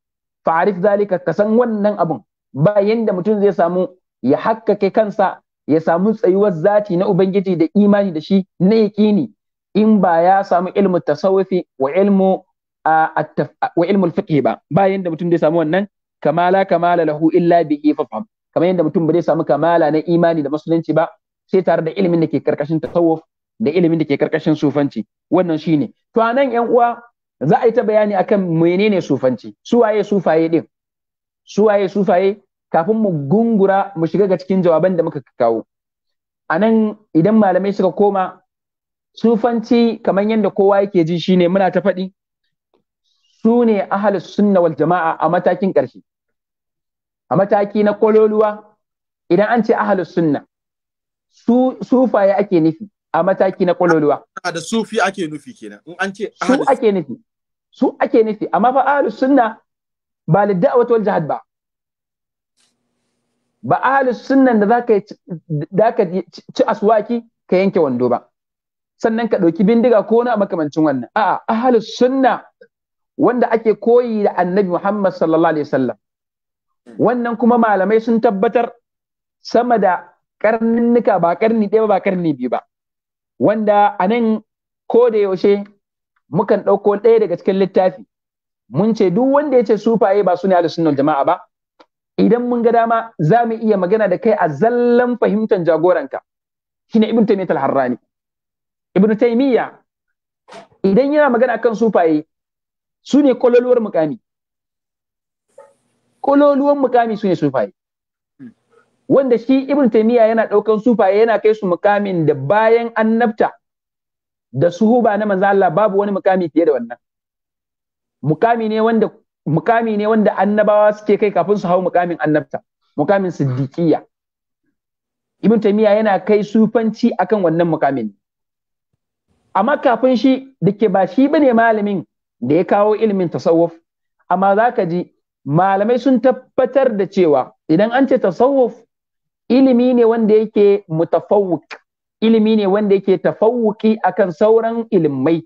fa zalika ka san wannan abun ba yanda mutum zai samu ya hakkake kansa ya samu tsayuwar zati na ubangiji da imani da shi na yaƙini in ba ya samu ilmu tasawufi wa ilmu wa ilmu fiqh ba ba yanda mutum zai samu wannan kamala kamala lahu illa bihi fafham kamar yanda mutum ba samu kamala na imani da musulunci ba sai tare da ilimin da ke karkashin tasawuf da ilimin da ke karkashin sufanci wannan shine to anan yan uwa za a yi ta bayani akan menene sufanci suwaye sufaye din suwaye sufaye kafin mu gungura mu shiga ga cikin jawaban da muka kawo anan idan malamai suka koma sufanci kamar yadda kowa yake ji shine muna ta faɗi su ne ahal sunna wal jama'a a matakin ƙarshe a mataki na kololuwa idan an ce ahal sunna su sufaye ake nufi a mataki na kololuwa ah, da sufi ake nufi kenan in an ce su ake nufi su ake nufi amma fa ahal sunna ba lidda'awat wal jihad ba ba ahal sunnan da zaka ci aswaki ka yanke wando ba sannan ka ɗauki bindiga ko na makamancin wannan a'a ahlus sunna wanda ake koyi da annabi Muhammad sallallahu alaihi wasallam wannan kuma malamai sun tabbatar sama da karninnika ba karni ɗaya ba karni biyu ba wanda a nan ko da yaushe mukan ɗauko ɗaya daga cikin littafi mun ce duk wanda ya ce sufaye ba su ne sunnal jama'a ba idan mun ga dama za mu iya magana da kai a zallan fahimtar jagoranka shine ibn taymiyyah al-harrani ibnu Taymiyyah idan yana magana kan sufaye su ne kololuwar mukami kololuwar mukami su ne sufaye wanda shi ibn Taymiyyah yana ɗaukan sufaye yana kai su mukamin da bayan annabta da suhuba na manzo Allah babu wani mukami fiye da wannan mukami ne wanda mukami ne wanda annabawa suke kai kafin su hau mukamin annabta mukamin siddiqiyya ibn Taymiyyah yana kai sufanci akan wannan mukamin amma kafin shi da ke ba shi bane malamin da ya kawo ilimin tasawuf amma za ka ji malamai sun tabbatar da cewa idan an ce tasawuf ilimi ne wanda yake mutafawuk ilimi ne wanda yake tafawuki akan sauran ilimai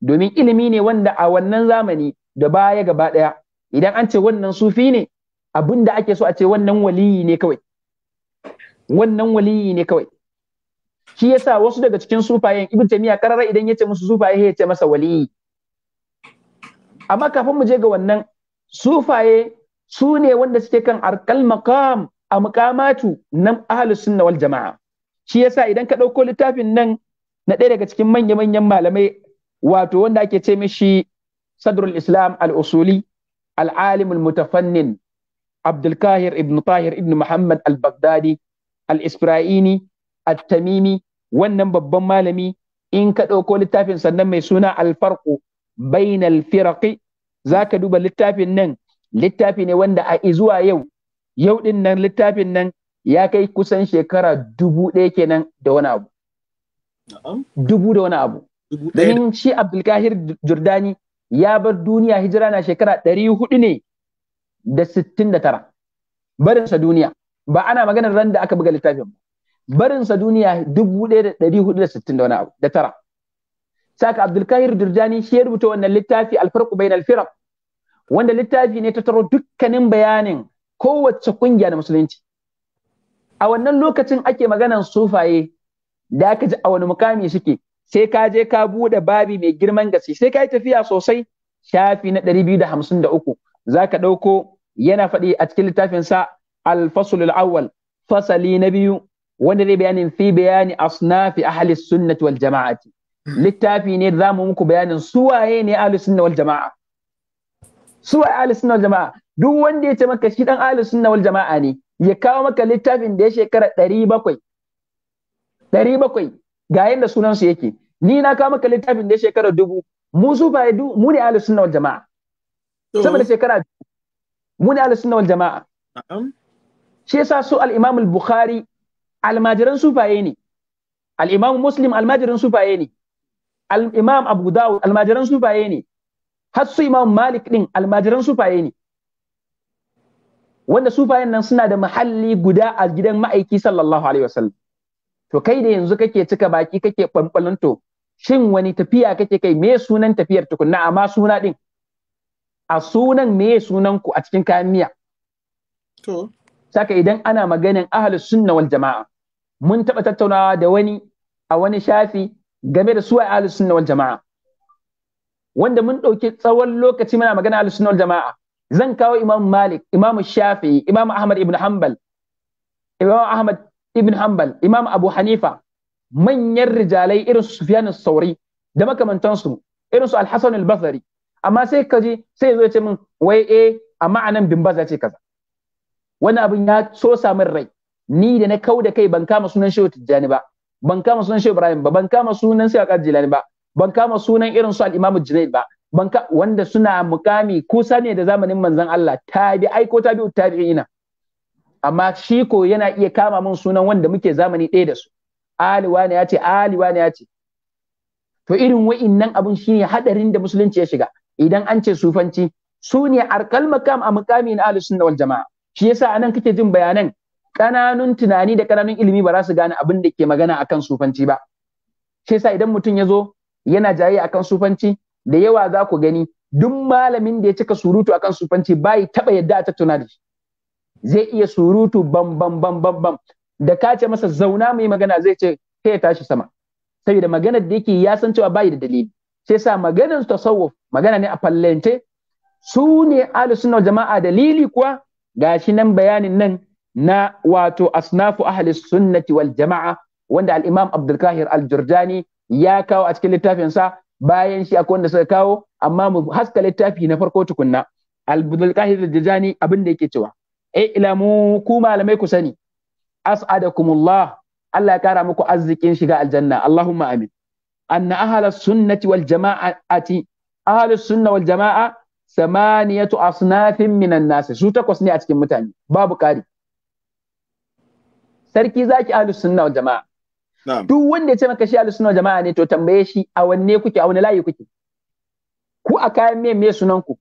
domin ilimi ne wanda a wannan zamani da baya gaba ɗaya idan an ce wannan sufi ne abin da ake so a ce wannan waliyi ne kawai wannan waliyi ne kawai shi yasa wasu daga cikin sufayen ibn taymiya karara idan yace musu sufaye ya ce masa wali amma kafin mu je ga wannan sufaye su ne wanda suke kan arkal maqam a muqamatu nan ahlus sunna wal jamaa shi yasa idan ka ɗauko littafin nan na ɗaya daga cikin manya-manyan malamai wato wanda ake ce mishi sadrul islam al-usuli al-alim al-mutafannin abdul kahir ibn tahir ibn muhammad al-baghdadi al-isra'ini at-tamimi wannan babban malami in ka ɗauko littafin sannan mai suna alfarku bainal firaqi zaka duba littafin nan littafi ne wanda a izuwa yau yau din nan littafin nan ya kai kusan shekara dubu ɗaya kenan da wani abu dubu da wani abu domin shi abdulkahir jordani ya bar duniya hijira na shekara ɗari hudu ne da sittin da tara barinsa duniya ba ana maganar ran da aka buga littafin ba barinsa duniya dubu ɗaya da ɗari hudu da sittin da wani abu da tara saka abdulkahir durjani shi ya rubuta wannan littafi alfarku bain alfiraq wanda littafi ne ta taro dukkanin bayanin kowace kungiya da musulunci a wannan lokacin ake maganan sufaye da aka ji a wani mukami suke sai ka je ka buɗe babi mai girman gaske sai ka yi tafiya sosai shafi na ɗari biyu da hamsin da uku za ka ɗauko yana faɗi a cikin littafinsa alfasulul awwal fasali na biyu wanda zai bayanin fi bayani asnafi ahli sunnati wal jama'ati hmm. littafi ne za mu muku bayanin suwaye ne ahli sunna wal jama'a suwaye ahli sunna wal jama'a duk wanda ya ce maka shi dan ahli sunna wal jama'a ne ya kawo maka littafin da ya shekara 700, 700 ɗari bakwai ga yadda sunansu yake ni na kawo maka littafin da ya shekara dubu mu su fa du mu ne ahli sunna wal jama'a saboda shekara mu ne ahli sunna wal jama'a shi yasa su al-imam al-bukhari almajiran sufaye ne al-imam muslim almajiran sufaye ne al-imam abu dawud almajiran sufaye ne har su imam malik din almajiran sufaye ne wanda sufayen nan suna da mahalli guda a gidan ma'aiki sallallahu alaihi wasallam to kai da yanzu kake cika baki kake to? shin wani tafiya kake kai me sunan tafiyar tukunna amma suna din a sunan me sunan ku a cikin kayan miya to saka idan ana maganin ahlus sunna wal jama'a mun taɓa tattaunawa da wani a wani shafi game da suwa ahlus sunna wal jama'a wanda mun ɗauki tsawon lokaci muna magana ahlus sunna wal jama'a zan kawo imam malik imam shafi imam ahmad ibn hanbal imam ahmad ibn hanbal imam abu hanifa manyan rijalai irin su sufyan sauri da makamantansu irin su al-hasan amma sai ka je sai zo ya ce min wai eh a ma'anan bin ce kaza wani abin ya so samun rai ni da na kau da kai ban kama sunan Shehu Tijjani ba ban kama sunan Shehu Ibrahim ba ban kama sunan Shehu Akar Jilani ba ban kama sunan irin su al imamu ba ban ka wanda suna mukami kusa ne da zamanin manzon Allah tabi ai ko tabi'u tabi'ina amma shi ko yana iya kama mun sunan wanda muke zamani ɗaya da su Ali wane ya ce Ali wane ya ce to irin wa'innan abun shine hadarin da musulunci ya shiga idan an ce sufanci su ne arkal makam a mukami na ahlus sunna wal jama'a shi yasa anan kake jin bayanan Kananun tunani da kananun ilimi ba za su gane abin da ke magana akan sufanci ba shi yasa idan mutum ya zo yana jayayya akan sufanci da yawa za ku gani duk malamin da ya cika surutu akan sufanci bai taba yadda a tattauna da shi zai iya surutu bam bam bam bam bam da ka ce masa zauna mai magana zai ce ta ya tashi sama saboda maganar da yake ya san cewa bai da dalili sai sa maganar tasawuf magana ne a fallente su ne ahlus jama'a dalili kuwa ga shi nan bayanin nan na wato asnafu ahli sunnati wal jama'a wanda al-imam Abdul Kahir al-Jurdani ya kawo a cikin littafin sa bayan shi akwai wanda suka kawo amma mu haska littafi na farko tukunna al-Abdul Kahir al-Jurdani abin da yake cewa ai ilamu ku malamai ku sani as'adakumullah Allah ya kara muku arzikin shiga aljanna Allahumma amin anna ahla sunnati wal jama'ati ahli sunna wal jama'a samaniyatu asnafin minan nas su takwas ne a cikin mutane babu kari sarki zaki ahlu sunna wal jama'a duk wanda ya ce maka shi ahlu sunna wal jama'a ne to tambaye shi a wanne kuke a wani layi kuke ku a kayan me me sunan ku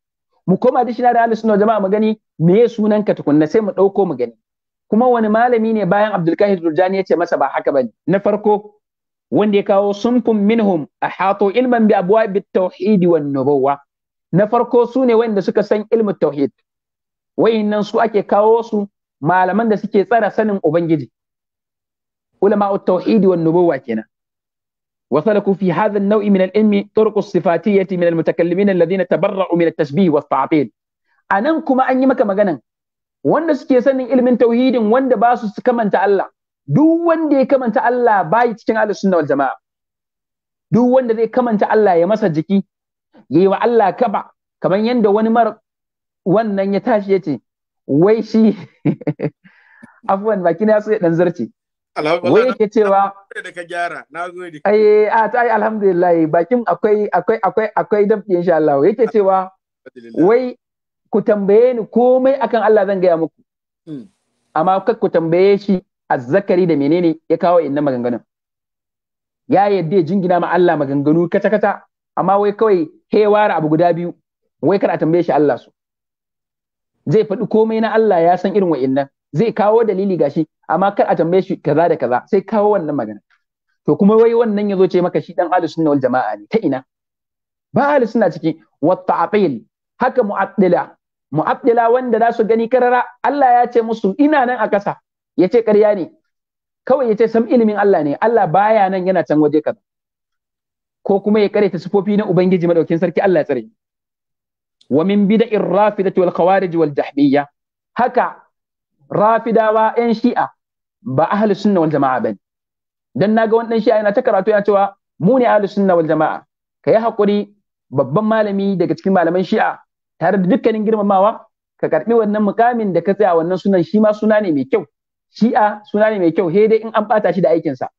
mu koma da shi na da sunna wal jama'a mu gani me sunan ka tukunna sai mu dauko mu gani kuma wani malami ne bayan kahir Durjani ya ce masa ba haka bane na farko wanda ya kawo sunfun minhum ahatu ilman bi at tauhid wan nubuwa na farko su ne wanda suka san ilmu tauhid wayannan su ake kawo su malaman da suke tsara sanin ubangiji ulama'u tauhidi wan nubuwa kenan وسلكوا في هذا النوع من ya طرق الصفاتية من المتكلمين الذين تبرعوا من التشبيه A nan kuma an yi maka maganan wanda suke sanin ilimin tauhidin wanda basu su kamanta Allah duk wanda ya kamanta Allah bai cikin ahlus sunna wal jamaa duk wanda zai kamanta Allah ya masa jiki yayi wa Allah kaba kamar yanda wani mar wannan ya tashi yace wai shi afwan baki na so ya dan zarce Wai ke cewa Ai, a ta yi alhamdulillah bakin akwai akwai akwai akwai dafi insha Allah. Yake cewa wai ku tambaye ni komai akan Allah zan gaya muku. Hmm. Amma kar ku tambaye shi azzakari da menene ya kawo inna maganganun. Ya yadda jingina ma Allah maganganu kata kata amma wai kawai hewara abu guda biyu wai kar a tambaye shi Allah su. Zai faɗi komai na Allah ya san irin wa'innan. zai kawo dalili gashi amma kar a tambaye shi kaza da kaza sai kawo wannan magana to kuma wai wannan yazo ce maka shi dan ahlus sunna wal jama'a ne ta ina ba ahlus sunna ciki wa ta'til haka mu'addila mu'addila wanda za su gani karara Allah ya ce musu ina nan a kasa yace ƙarya ne kawai yace sam ilimin Allah ne Allah baya nan yana can waje kaza ko kuma ya karyata sifofi na ubangiji madaukin sarki Allah ya tsare wa min bida'ir rafidati wal khawarij haka rafidawa yan shi'a ba ahli sunna wal jama'a bane dan naga wani dan shi'a yana ta karatu yana cewa mu ne ahli sunna wal jama'a kai hakuri babban malami daga cikin malaman shi'a tare da dukkanin girmamawa ka karbi wannan mukamin da ka tsaya wannan sunan shi ma suna ne mai kyau shi'a suna ne mai kyau he dai in an bata shi da aikin sa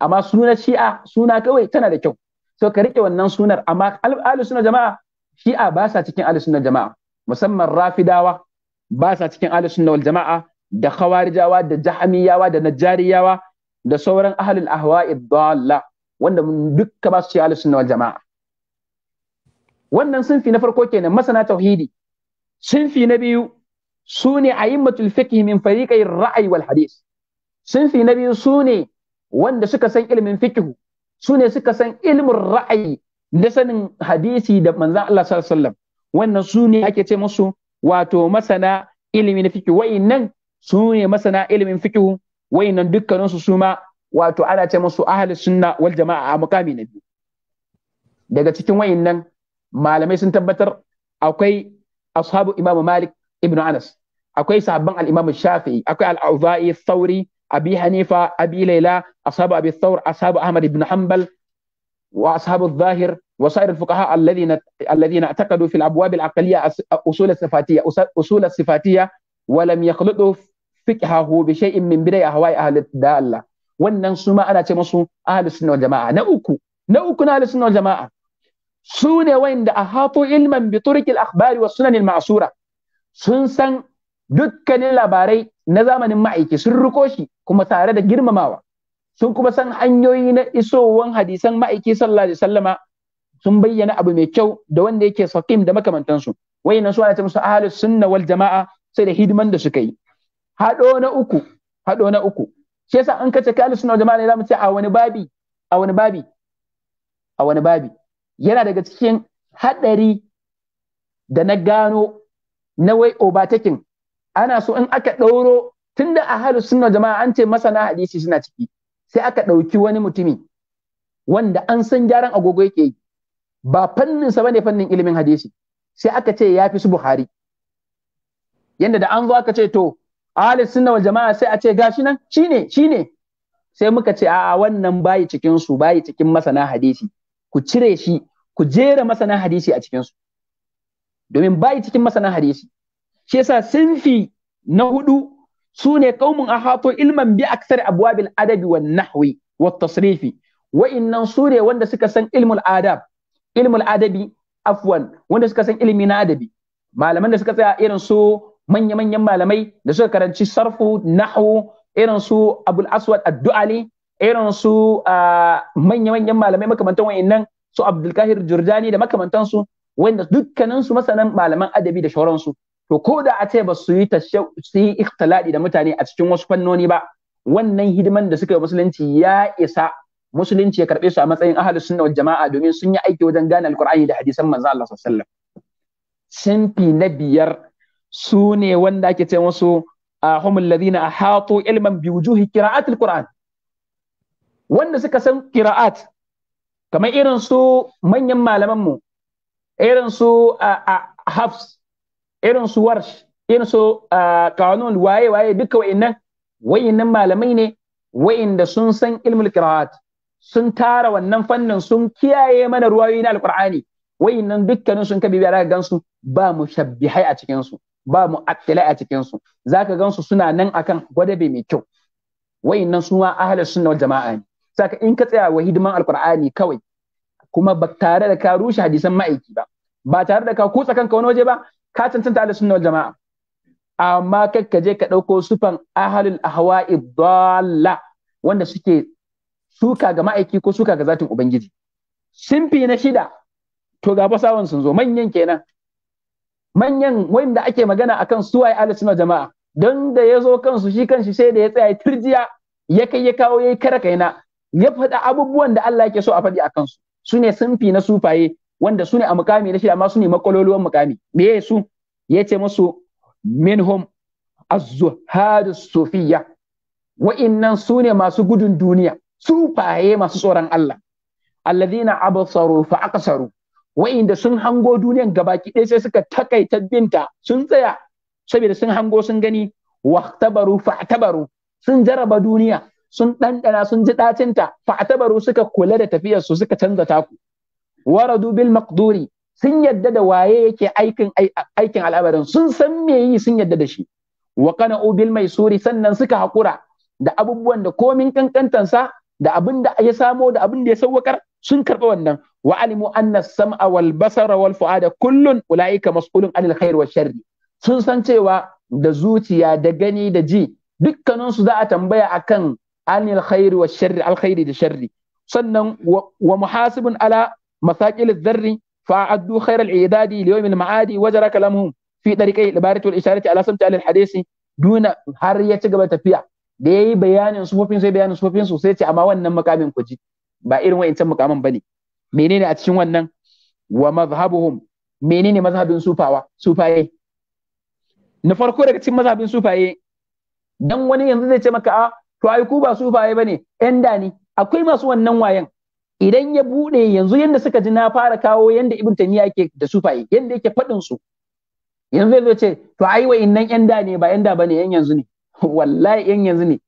amma suna shi'a suna kawai tana da kyau so ka rike wannan sunar amma ahli sunna jama'a shi'a ba sa cikin ahli sunna jama'a musamman rafidawa ba sa cikin ahlus sunna wal jama'a da khawarijawa da jahamiyawa da najariyawa da sauran ahlul ahwa'i dalla wanda dukka ba su cikin ahlus sunna wal jama'a wannan sunfi na farko kenan masana tauhidi sunfi na biyu su ne a'immatul fiqh min fariqai ra'ayi wal hadith sunfi na biyu su ne wanda suka san ilimin fiqh su ne suka san ilimin ra'ayi da sanin hadisi da manzon Allah sallallahu alaihi wasallam wannan su ne ake ce musu wato masana ilimi na fiqh wa'innan su ne masana ilimin fiqh wa'innan dukkanin su suma wato ana ce musu ahli sunna wal jama'a a mukami na biyu daga cikin wa'innan malamai sun tabbatar akwai ashabu imamu malik ibnu anas akwai sahabban al-imamu shafi'i akwai al-auza'i thauri abi hanifa abi laila ashabu abi thaur ashabu ahmad ibn hanbal واصحاب الظاهر وسائر الفقهاء الذين الذين اعتقدوا في الابواب العقليه اصول الصفاتيه اصول الصفاتيه ولم يخلطوا فقهه بشيء من بدع اهواء اهل الداله wannan su ma ana ce musu ahlus sunna wal jama'a na uku na uku na sunna wal jama'a su ne wanda ahatu ilman bi turuq al akhbari was sunan al ma'sura sun san dukkanin labarai na zamanin ma'aiki sun riko shi kuma tare da girmamawa sun kuma san hanyoyi na isowan hadisan ma'aiki sallallahu alaihi wasallama sun bayyana abu mai kyau da wanda yake saqim da makamantansu wayannan su ana su ahlus sunna wal jama'a sai da hidiman da suka yi hado na uku hado na uku shi yasa an kace ahlus sunna wal jama'a ne zamu ce a wani babi a wani babi a wani babi yana daga cikin hadari da na gano na wai obatakin ana so in aka ɗauro tunda ahlus sunna jama'a an ce masana hadisi suna ciki sai aka ɗauki wani mutumi wanda an san gyaran agogo yake yi ba fanninsa ba bane fannin ilimin hadisi sai aka ce ya fi su Buhari yanda da an zo aka ce to ahli sunna wal jama'a sai a ce gashi nan shine shine sai muka ce a'a wannan bayi cikin su bayi cikin masana hadisi ku cire shi ku jera masana hadisi a cikin su domin bayi cikin masana hadisi shi yasa sinfi na hudu su ne qaumun ahato ilman bi aksar abwabil adabi wan nahwi wat tasrifi wa'innan su ne wanda suka san ilmul adab ilmul adabi afwan wanda suka san ilmi na adabi malaman da suka tsaya irin su manya-manyan malamai da suka karanci sarfu nahwu irin su abul aswad addu'ali irin su manya-manyan malamai makamantan wa'innan su abdulkahir jurjani da makamantansu wanda dukkaninsu masanan malaman adabi da shauransu to ko da a ce ba su yi su yi ikhtiladi da mutane a cikin wasu fannoni ba wannan hidiman da suka yi musulunci ya isa musulunci ya karbe su a matsayin ahlus sunna wal jama'a domin sun yi aiki wajen gane alqur'ani da hadisan manzo Allah sallallahu alaihi wasallam na biyar su ne wanda ake ce musu ahum ah, alladhina ahatu ilman bi wujuhi qira'at alquran wanda suka san qira'at kamar irin su manyan malaman mu irin su a ah, ah, Hafs irin su warsh irin su ah, kanun waye waye duka wa'annan wa'annan malamai ne wa'inda sun san ilmul qira'at sun tara wannan fannin sun kiyaye mana ruwayoyi na alqur'ani wainnan dukkanin sun kabi biya gansu ba mu shabbihai a cikin su ba attila a cikin su zaka gansu suna nan akan gwadabe mai kyau wa'annan su ma ahlus sunna wal jama'a ne saka in ka tsaya wa hidiman alqur'ani kawai kuma ba tare da ka rushe hadisan ma'aiki ba ba tare da ka kutsa kanka wani waje ba ka cancanta ahlus sunnah wal jama'a amma kai ka je ka ɗauko sufan ahlul ahwa'i dalla wanda suke suka ga ma'aiki ko suka ga zatin ubangiji simfi na shida to ga basawan sun zo manyan kenan manyan wanda ake magana akan suwaye ahlus sunnah jama'a don da ya zo kansu shi kanshi sai da ya tsaya turjiya ya kai ya kawo ya yi kara kaina ya faɗa abubuwan da Allah yake so a faɗi a kansu su ne sunfi na sufaye wanda su ne a mukami na shida amma su ne mukami me su ya ce musu minhum az-zuhad sufiyya wa'innan su ne masu gudun duniya sufaye masu tsoron Allah alladhina absaru fa aqsaru inda sun hango duniyan gabaki ɗaya sai suka takaita binta sun tsaya saboda sun hango sun gani wahtabaru fa'tabaru sun jaraba duniya sun ɗanɗana sun ji ɗacinta fa'tabaru suka kula da tafiyarsu suka canza taku waradu bil maqduri sun yadda da waye yake aikin aikin al'amarin sun san me yi sun yadda da shi wa qana'u bil maisuri sannan suka hakura da abubuwan da komin kankantansa da abin da ya samo da abin da ya sawwakar sun karɓi wannan wa alimu anna sam'a wal basara wal fu'ada kullun ulaika mas'ulun anil khair wa sharri sun san cewa da zuciya da gani da ji dukkaninsu za a tambaya akan anil khair wa sharri alkhairi da sharri sannan wa muhasibun ala مساكل الذر فأعدوا خير العداد ليوم المعاد وجرى كلامهم في طريقي العبارة والإشارة على سمت أهل الحديث دون har ya ci gaba tafiya da ya yi bayanin sufofin sai bayanin sufofin su ce amma wannan makamin ku ba irin wa'incan makaman bane menene a cikin wannan wa mazhabuhum menene mazhabin sufaye na farko daga cikin mazhabin sufaye dan wani yanzu zai ce maka a to ku ba sufaye bane yan da ni akwai masu wannan wayen. idan ya bude yanzu yanda suka ji na fara kawo yanda ibn tamiya yake da sufaye yanda yake fadin su yanzu zai ce to ai wa innan yan da ne ba yan da bane yan yanzu ne wallahi yan yanzu ne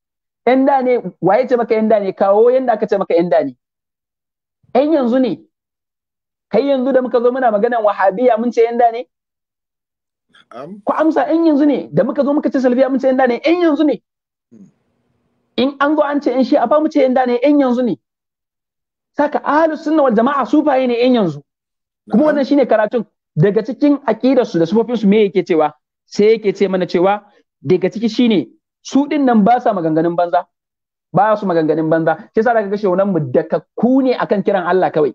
yan da ne waye ce maka yan da ne kawo yanda aka ce maka yan da ne yan yanzu ne kai yanzu da muka zo muna maganan wahabiya mun ce yan da ne ku amsa yan yanzu ne da muka zo muka ce salfiya mun ce yan da ne yan yanzu ne hmm. in an zo an ce yan shi a ba mu ce yan da ne yan yanzu ne saka ahlu sunna wal jama'a sufaye ne yan yanzu kuma wannan shine karatun daga cikin aqidarsu da su me yake cewa sai yake ce mana cewa daga ciki shine su din nan ba sa maganganun banza ba su maganganun banza shi yasa daga gashe wannan mudakkaku ne akan kiran Allah kawai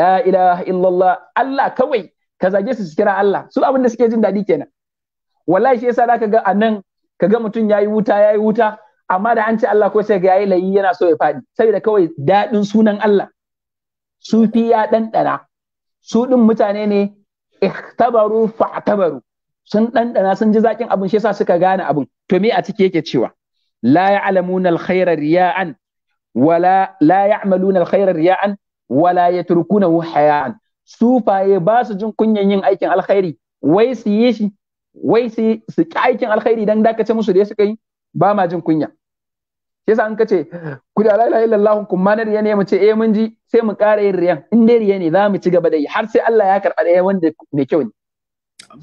la ilaha illallah Allah kawai ka zage su su kira Allah su abin da suke jin dadi kenan wallahi shi yasa zaka ga anan kaga mutum yayi wuta yayi wuta amma da an ce Allah ko sai ga yayi layi yana so ya fadi saboda kawai dadin sunan Allah sufi ya ɗanɗana su ɗin mutane ne ikhtabaru fa'tabaru sun ɗanɗana sun ji zaƙin abin shi yasa suka gane abin to me a ciki yake cewa la ya'lamuna alkhayra riya'an wala la ya'maluna alkhayra riya'an wala yatrukuna haya'an sufaye ba su jin kunyan yin aikin alkhairi wai su yi shi wai su su aikin alkhairi dan dakace musu da suka yi ba ma jin kunya yasa an kace ku da la'ila illallah kun ma riya ne mu ce eh mun ji sai mu ƙara yin riyan in dai riya ne za mu ci gaba da yi har sai Allah ya karɓa da wanda mai kyau ne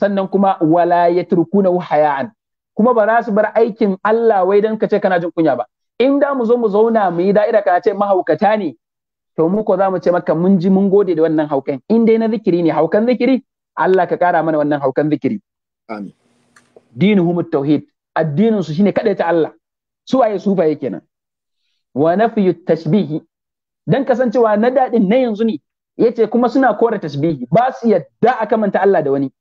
sannan kuma wala yatrukuna haya'an kuma ba za su bar aikin Allah wai dan kace kana jin kunya ba in da mu zo mu zauna mu yi da'ira kana ce mahaukata ne to mu ko za mu ce maka mun ji mun gode da wannan haukan in dai na zikiri ne haukan zikiri Allah ka kara mana wannan haukan zikiri amin dinuhum tauhid addinin su shine kada ta Allah su waye sufaye nan? wa nafyu tashbihi dan kasancewa na dadin na yanzu ne yace kuma suna kora tashbihi ba su yadda a kamanta Allah da wani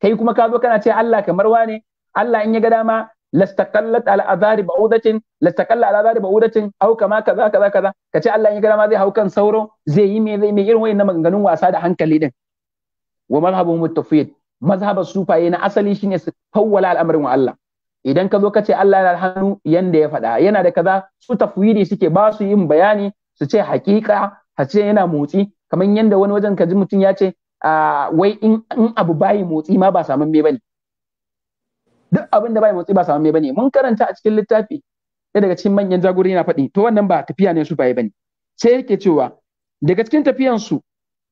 kai kuma ka zo kana ce Allah kamar wane Allah in ya ga dama lastaqallat ala adhari ba'udatin lastaqalla ala adhari ba'udatin au kama kaza kaza kaza kace Allah in ya ga dama zai hau kan sauro zai yi me zai me irin wayannan maganganun wasa da hankali din wa mazhabuhum at-tafwid mazhabar sufaye na asali shine su fawwala al'amarin wa Allah idan ka zo ka ce Allah yana da hannu yanda ya faɗa yana da kaza su tafwidi suke ba su yin bayani su ce hakika a ce yana motsi kamar yanda wani wajen ka ji mutum ya ce ah, wai in abu bayi motsi ma ba saman me bane duk abin da bayi motsi ba saman me bane mun karanta a cikin littafi ɗaya daga cikin manyan jagori yana faɗi to wannan ba tafiya ne su bayi bane sai yake cewa daga cikin tafiyan su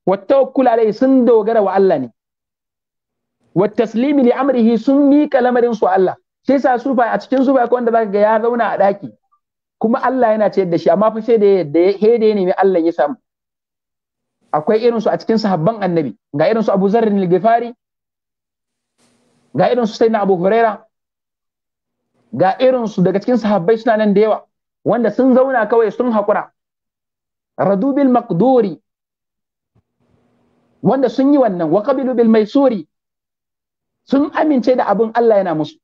wattawakkul alai sun dogara wa Allah ne wa taslimi li amrihi sun mika lamarin su Allah shi yasa sufa a cikin sufa ko wanda zaka ga ya zauna a daki kuma Allah yana ciyar da shi amma fa sai da da he da ya nemi Allah ya samu akwai irin su a cikin sahabban annabi ga irin su Abu Zarr al-Ghifari ga irin su Sayyidina Abu Huraira ga irin su daga cikin sahabbai suna nan da yawa wanda sun zauna kawai sun haƙura radu bil maqduri wanda sun yi wannan wa qabilu bil maisuri sun amince da abin Allah yana musu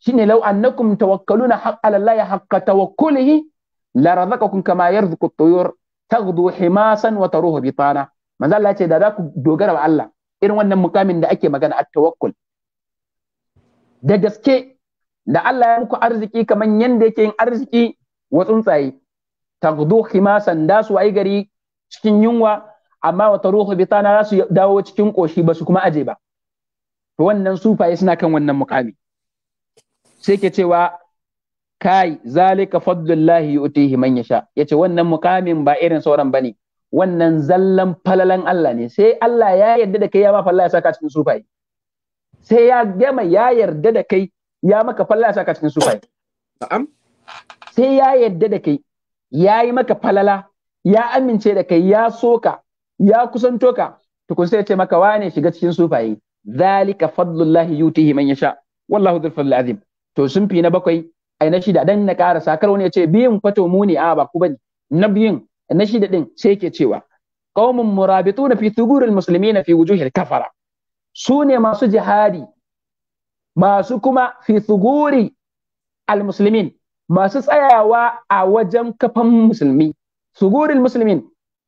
shine law annakum tawakkaluna ala allahi haqqa tawakkulihi la razaqakum kama yarzuqu at-tuyur taghdu himasan wa taruhu bitana manzo Allah ce da za ku dogara wa Allah irin wannan mukamin da ake magana at-tawakkul da gaske da Allah ya muku arziki kamar yanda yake yin arziki wa tsuntsaye taghdu himasan da su ai gari cikin yunwa amma wa taruhu bitana za su dawo cikin koshi ba su kuma aje ba to wannan sufaye suna kan wannan mukami sai ke cewa kai zalika fadlullahi yu'tihi man yasha yace wannan mukamin ba irin sauran bane wannan zallan falalan Allah ne sai Allah ya yarda da kai ya ma falla ya saka cikin sufai sai ya gama ya yarda da kai ya maka falla ya saka cikin sufai na'am sai ya yarda da kai ya yi maka falala ya amince da kai ya soka ya kusanto ka tukun sai ya ce maka wane shiga cikin sufaye zalika fadlullahi yutihi man yasha wallahu dhul fadl azim to sun fi na bakwai ai na shida dan na ƙara sakar wani ya ce biyun kwato mu ne a ba ku bane na biyun na shida din sai yake cewa qaumun murabituna fi thuguril muslimina fi wujuhil kafara su ne masu jihadi masu kuma fi thuguri al muslimin masu tsayawa a wajen kafan musulmi thuguril muslimin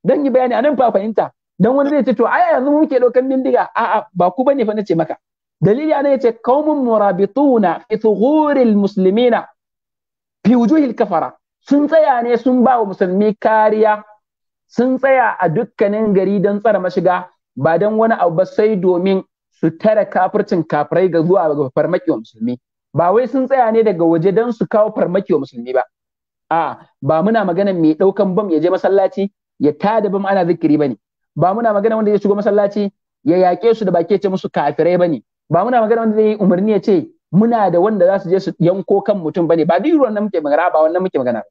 dan yi bayani anan fa fahimta dan wani zai ce to ai yanzu muke dokan bindiga a'a ba ku bane fa nace maka dalili ana ce qaumun murabituna fi thughuril muslimina fi wujuhil kafara sun tsaya ne sun bawa musulmi kariya sun tsaya a dukkanin gari don tsara mashiga ba don wani abu ba sai domin su tare kafircin kafirai ga zuwa ga farmaki musulmi ba wai sun tsaya ne daga waje don su kawo farmaki musulmi ba a ba muna magana mai ɗaukan bam ya je masallaci ya tada bam ana zikiri bane ba muna magana wanda ya shigo masallaci ya yaƙe su da baki ce musu kafirai bane ba muna magana wanda zai yi umarni ya ce muna da wanda za su je su yanko kan mutum bane ba duk wannan muke magana ba wannan muke magana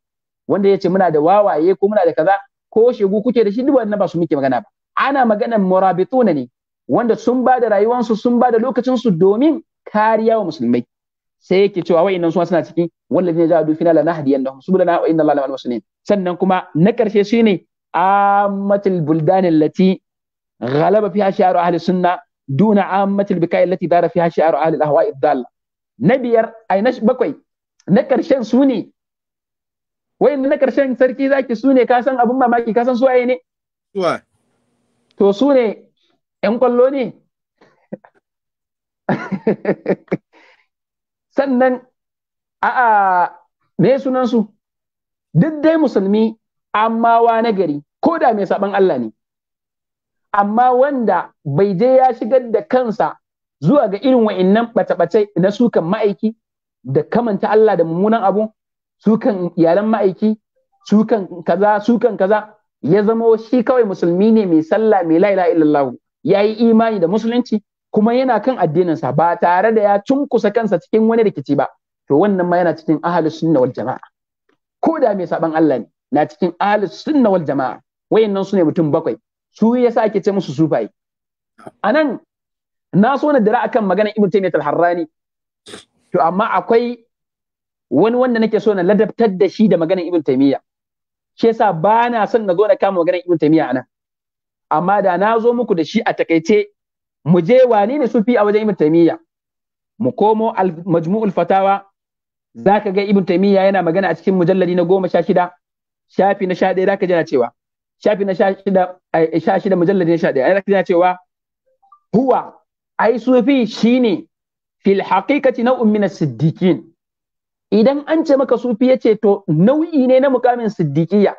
wanda ya ce muna da wawaye ko muna da kaza ko shegu kuke da shi duk wannan ba su muke magana ba ana maganar murabituna ne wanda sun ba da rayuwansu sun ba da lokacinsu domin kariya wa musulmai sai yake cewa wa'annan su suna ciki? cikin wallazina ja'u fina la nahdiyannahum subulana wa inna allaha la'al muslimin sannan kuma na karshe shine amatul buldan allati ghalaba fiha shi'aru ahli sunna duna ammatil bikai allati dara fiha shi'ar ahli al-ahwa'i dal na biyar na bakwai na karshen su ne wayan na karshen sarki zaki su ne ka san abun mamaki ka san su waye ne to su ne yan kwallo ne sannan a'a me sunan duk dai musulmi amma wa na gari ko da mai sabon Allah ne amma wanda bai je ya shigar da kansa zuwa ga irin wa'innan bace-bace na sukan ma'aiki da kamanta Allah da mummunan abu sukan iyalan ma'aiki sukan kaza sukan kaza ya zama shi kawai musulmi ne mai sallah mai la ilaha illallah ya yi imani da musulunci kuma yana kan addininsa ba tare da ya cunkusa kansa cikin wani rikici ba to wannan ma yana cikin ahlus sunna wal jama'a ko da mai saban Allah ne na cikin ahlus sunna wal jama'a wayannan su ne mutum bakwai su yasa ake ce musu sufaye anan na so na dira akan maganar ibn taymiyyah al-harrani to amma akwai wani wanda nake so na ladabtar da shi da maganar ibn taymiyyah shi yasa ba na son na zo na kama maganar ibn taymiyyah anan amma da na zo muku da shi a takaice mu je wane ne sufi a wajen ibn taymiyyah mu komo majmu'ul fatawa zaka ga ibn taymiyyah yana magana a cikin mujalladi na goma sha shida shafi na sha ɗaya zaka ji na cewa shafi na sha shida mujallar na sha ɗaya ana kina cewa huwa ai sufi shine fil haqiqati nau'un min siddiqin idan an ce maka sufi yace to nau'i ne na mukamin siddiqiyya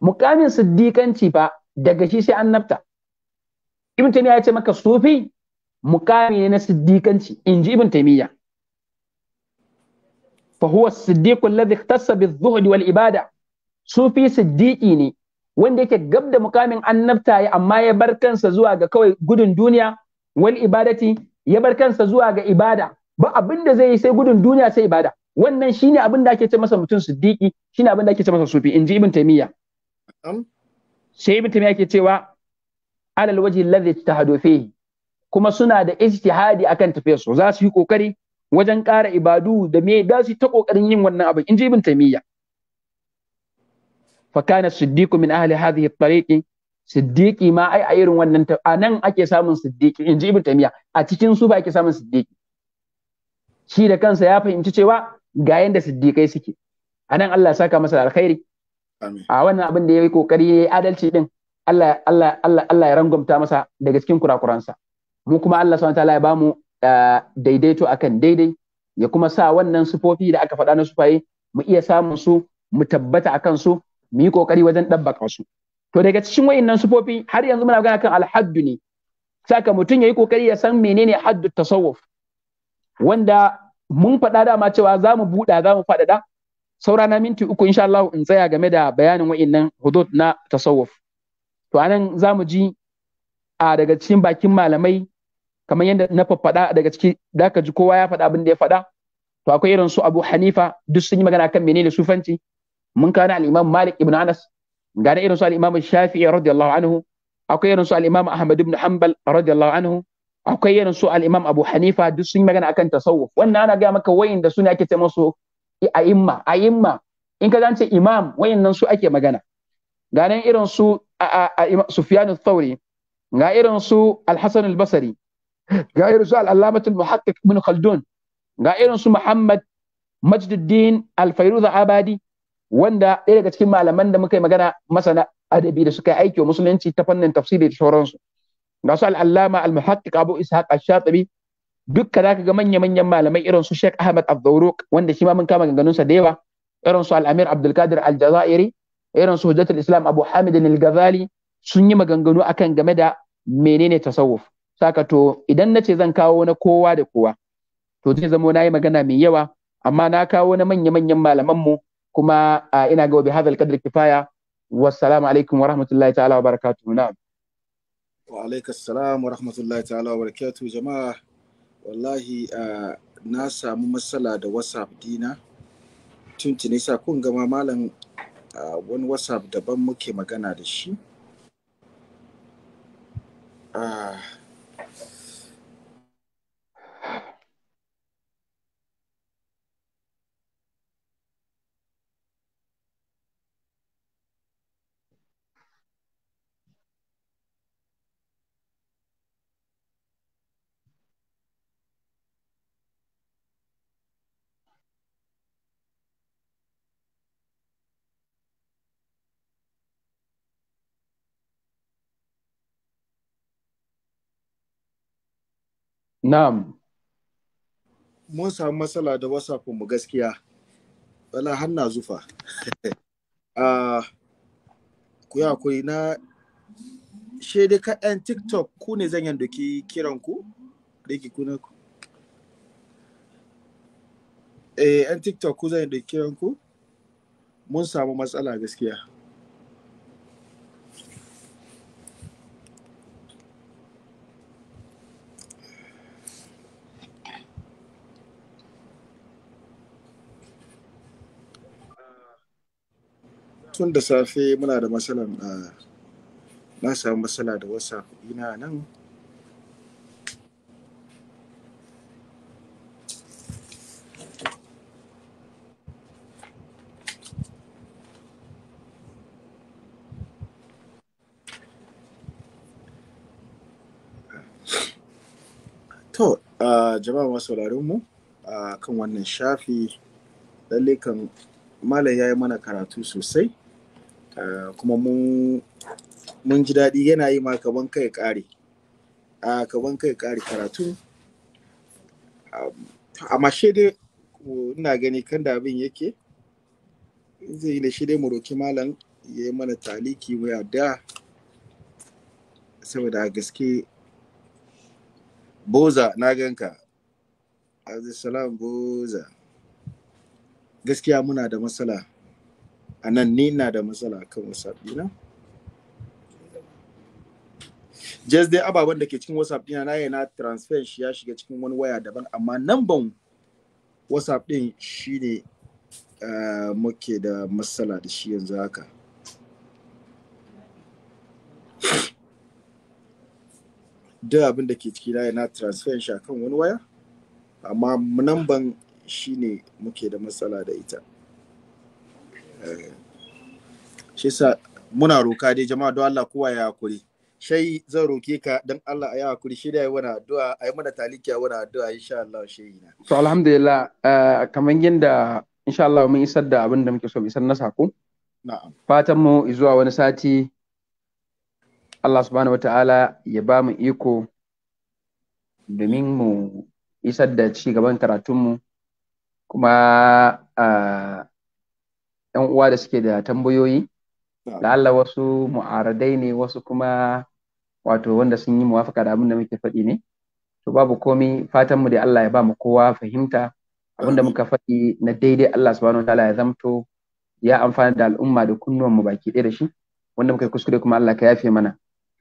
mukamin Siddikanci fa daga shi sai annabta ibn taymiya ya ce maka sufi mukami ne na Siddikanci, in ji ibn taymiya fa huwa siddiqu alladhi ikhtassa bi dhuhd wal ibada sufi siddiqi ne wanda yake gab da mukamin annabta ya amma ya bar kansa zuwa ga kawai gudun duniya wal ibadati ya bar kansa zuwa ga ibada ba abin da zai yi sai gudun duniya sai ibada wannan shine abin da ake ce masa mutum siddiqi shine abin da ake ce masa sufi inji ibn taymiya sai ibn taymiya ke cewa alal waji alladhi tahadu fihi kuma suna da ijtihadi akan tafiyar su za su yi kokari wajen ƙara ibadu da me da su ta kokarin yin wannan abin inji ibn taymiya fa kana siddiqu min ahli hadhihi at-tariqi siddiqi ma ai a irin wannan a nan ake samun siddiqi inji ji ibn tamiya a cikin su ba ake samun siddiqi shi da kansa ya fahimci cewa ga yanda siddiqai suke a Allah ya saka masa alkhairi a wannan abin da ya yi kokari ya adalci din Allah Allah Allah Allah ya rangwanta masa daga cikin kurakuransa mu kuma Allah subhanahu wataala ya bamu daidaito akan daidai ya kuma sa wannan sufofi da aka faɗa na sufaye mu iya samun su mu tabbata akan su mu yi kokari wajen dabbaka su to daga cikin wa'innan sufofi har yanzu muna magana kan alhaddu ne saka mutum ya yi kokari ya san menene haddu tasawuf wanda mun faɗa dama cewa za mu buɗa za mu faɗaɗa saura na minti uku insha Allah in tsaya game da bayanin wainnan hudud na tasawuf to anan za mu ji a daga cikin bakin malamai kamar yadda na faɗa daga ciki da ka ji kowa ya faɗa abin da ya faɗa to akwai irin su Abu Hanifa duk sun yi magana kan menene sufanci mun kana al-imam Malik ibn Anas ga da irin su al-imam Shafi'i radiyallahu anhu akwai irin su al-imam Ahmad ibn Hanbal radiyallahu anhu akwai irin su al-imam Abu Hanifa duk sun magana akan tasawuf wannan ana ga maka wayanda su ne ake ce musu a'imma a'imma in ka zance imam nan su ake magana ga nan irin su Sufyan al-Thawri ga irin su Al-Hasan al-Basri ga irin su Al-Allamah al-Muhaqqiq ibn Khaldun ga irin su Muhammad Majduddin Al-Fayruza Abadi wanda ɗaya daga cikin malaman da muka yi magana masana adabi da suka yi aiki wa musulunci ta fannin tafsiri da sauransu ga su al'allama al-muhaqqiq abu ishaq ash-shatibi dukka zaka ga manya manyan malamai irin su Sheikh Ahmad Abdawruq wanda shi ma mun kama ganganun sa da yawa irin su al-Amir Abdul Qadir al-Jazairi irin su Hujjatul Islam Abu Hamid al-Ghazali sun yi maganganu akan game da menene tasawuf saka to idan nace zan kawo na kowa da kowa to zai zamo yi magana mai yawa amma na kawo na manya manyan malaman mu kuma ina ga bi hadal qadri kifaya wassalamu alaikum wa rahmatullahi ta'ala wa Na na'am wa alaikassalam wa rahmatullahi ta'ala wa barakatuhu jama'a wallahi na samu matsala da whatsapp dina tun tunisa kun gama malam wani whatsapp daban muke magana da shi Na'am. Mun samu matsala da WhatsApp mu gaskiya. Wala hanna zufa. uh, ku ya koyi na shede ka ɗan TikTok ku ne zan yandoki kiran ku? Dake kuna ku. Eh, ɗan TikTok ku zan yandoki kiran ku? Mun samu matsala gaskiya. tun da safe muna da matsalan ah, na samu matsala da whatsapp ina nan To, uh, jama'a masu mu a ah, kan wannan shafi lalle kan malam ya yi mana karatu sosai Eh, kuma mun ji daɗi yana yi ma kaban kai ƙari a kaban kai ƙari karatu amma mashe dai ina gani kan da abin yake zai yi da shi dai muroki malam ya yi mana taliki mu yadda saboda gaske boza na ganka salam boza gaskiya muna da matsala a nan ni na da matsala kan whatsapp dina just dai ababen da ke cikin whatsapp dina na yana transfer shi ya shiga cikin wani waya daban amma namban whatsapp din shine ne eh, muke da matsala da shi yanzu haka duk abin da ke ciki na yana transfer shi kan wani waya amma shi shine muke da matsala da ita Eh, shi sa muna roka dai jama'a don Allah kowa ya hakuri shai zan roke ka don Allah ya hakuri shi da ya wani addu'a yi mana taliki ya wani addu'a insha Allah shehi na to alhamdulillah eh, kamar yadda insha Allah mun isar da abin da muke so mu isar na sako na'am fatan mu zuwa wani sati Allah subhanahu wata'ala ya ba mu iko domin mu isar da ci gaban karatunmu kuma uh, 'yan uwa da suke da tambayoyi la'alla wasu mu'aradai ne wasu kuma wato wanda sun yi muwafaka da abin da muke faɗi ne to babu komi fatan mu da Allah ya ba mu kowa fahimta abin da muka faɗi na daidai Allah subhanahu wataala ya zamto ya amfana da al'umma da kunnuwan mu baki ɗaya da shi wanda muka kuskure kuma Allah ka yafe mana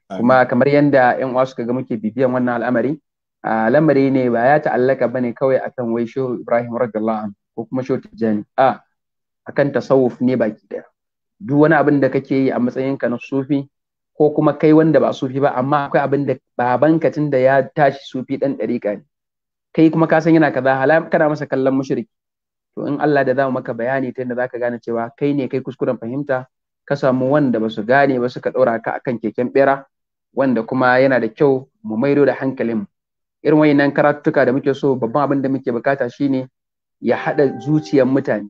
kuma kamar yanda 'yan uwa suka ga muke bibiyan wannan al'amari al'amari ne ba ya ta'allaka bane kawai akan wai shehu Ibrahim radiyallahu anhu ko kuma shehu Tijjani a akan tasawuf ne baki daya duk wani abin da kake yi a matsayinka na sufi ko kuma kai wanda ba sufi ba amma akwai abin da babanka tun da ya tashi sufi dan dariƙa ne kai kuma ka san yana kaza hala kana masa kallon mushriki to in Allah da za mu maka bayani ta yadda zaka gane cewa kai ne kai kuskuren fahimta ka samu wanda ba su gane ba suka ɗora ka akan keken bera wanda kuma yana da kyau mu maido da hankalin irin wayannan karatuka da muke so babban abin da muke bukata shine ya haɗa zuciyar mutane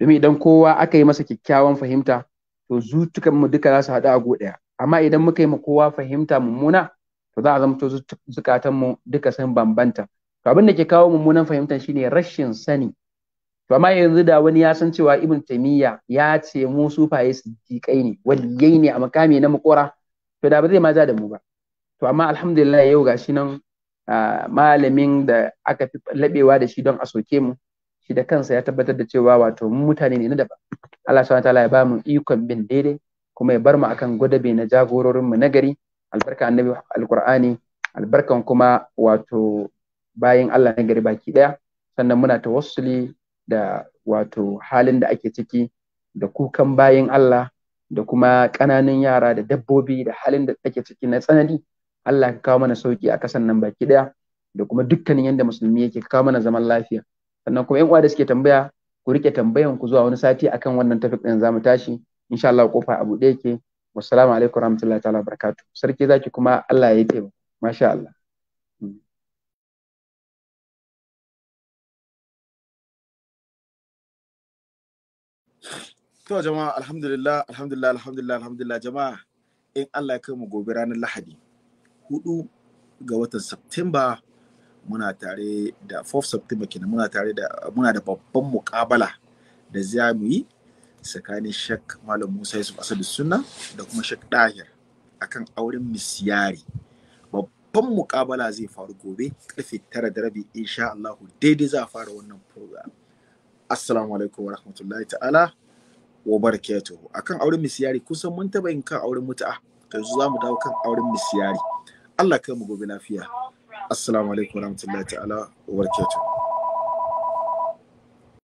domin idan kowa aka yi masa kyakkyawan fahimta to zutukan mu duka za su haɗu a ɗaya amma idan muka yi ma kowa fahimta mummuna to za a zamto zukatan mu duka sun bambanta to abin da ke kawo mummunan fahimta shine rashin sani to amma yanzu da wani ya san cewa ibn taymiya ya ce mu sufaye siddiqai ne waliyai ne a makami na makora to da ba zai ma da mu ba to amma alhamdulillah yau gashi nan ah, malamin da aka fi laɓewa da shi don a soke mu shi da kansa ya tabbatar da cewa wato mu mutane ne na daban Allah subhanahu wataala ya ba mu ikon bin daidai kuma ya bar mu akan gwadabe na jagororin mu nagari. gari albarka annabi alqur'ani albarkan kuma wato bayin Allah na gari baki daya sannan muna tawassuli da wato halin da ake ciki da kukan bayin Allah da kuma ƙananan yara da dabbobi da halin da ake ciki na tsanani Allah ka kawo mana sauki a kasan nan baki daya da kuma dukkanin yadda musulmi yake kawo mana zaman lafiya sannan kuma yan uwa da suke tambaya ku rike tambayan ku zuwa wani sati akan wannan topic din zamu tashi insha Allah kofa abu da yake wassalamu alaikum warahmatullahi ta'ala barakatuh sarki zaki kuma Allah ya yi taimako masha Allah hmm. To jama'a alhamdulillah alhamdulillah alhamdulillah alhamdulillah jama'a in Allah ya kai mu gobe ranar Lahadi hudu ga watan September muna tare da 4 September kenan muna tare da muna da babban mukabala da za mu yi tsakanin Sheikh Malam Musa Yusuf Asadu Sunna da kuma Sheikh Dahir akan auren misyari babban mukabala zai faru gobe karfe tara da rabi insha Allah daidai za a fara wannan program assalamu alaikum wa rahmatullahi ta'ala wa barakatuhu akan auren misyari kusan mun taba yin kan auren mutu'a yanzu za mu dawo kan auren misyari Allah kai mu gobe lafiya assalamu alaikum warahmatullahi ta'ala wa barakatuh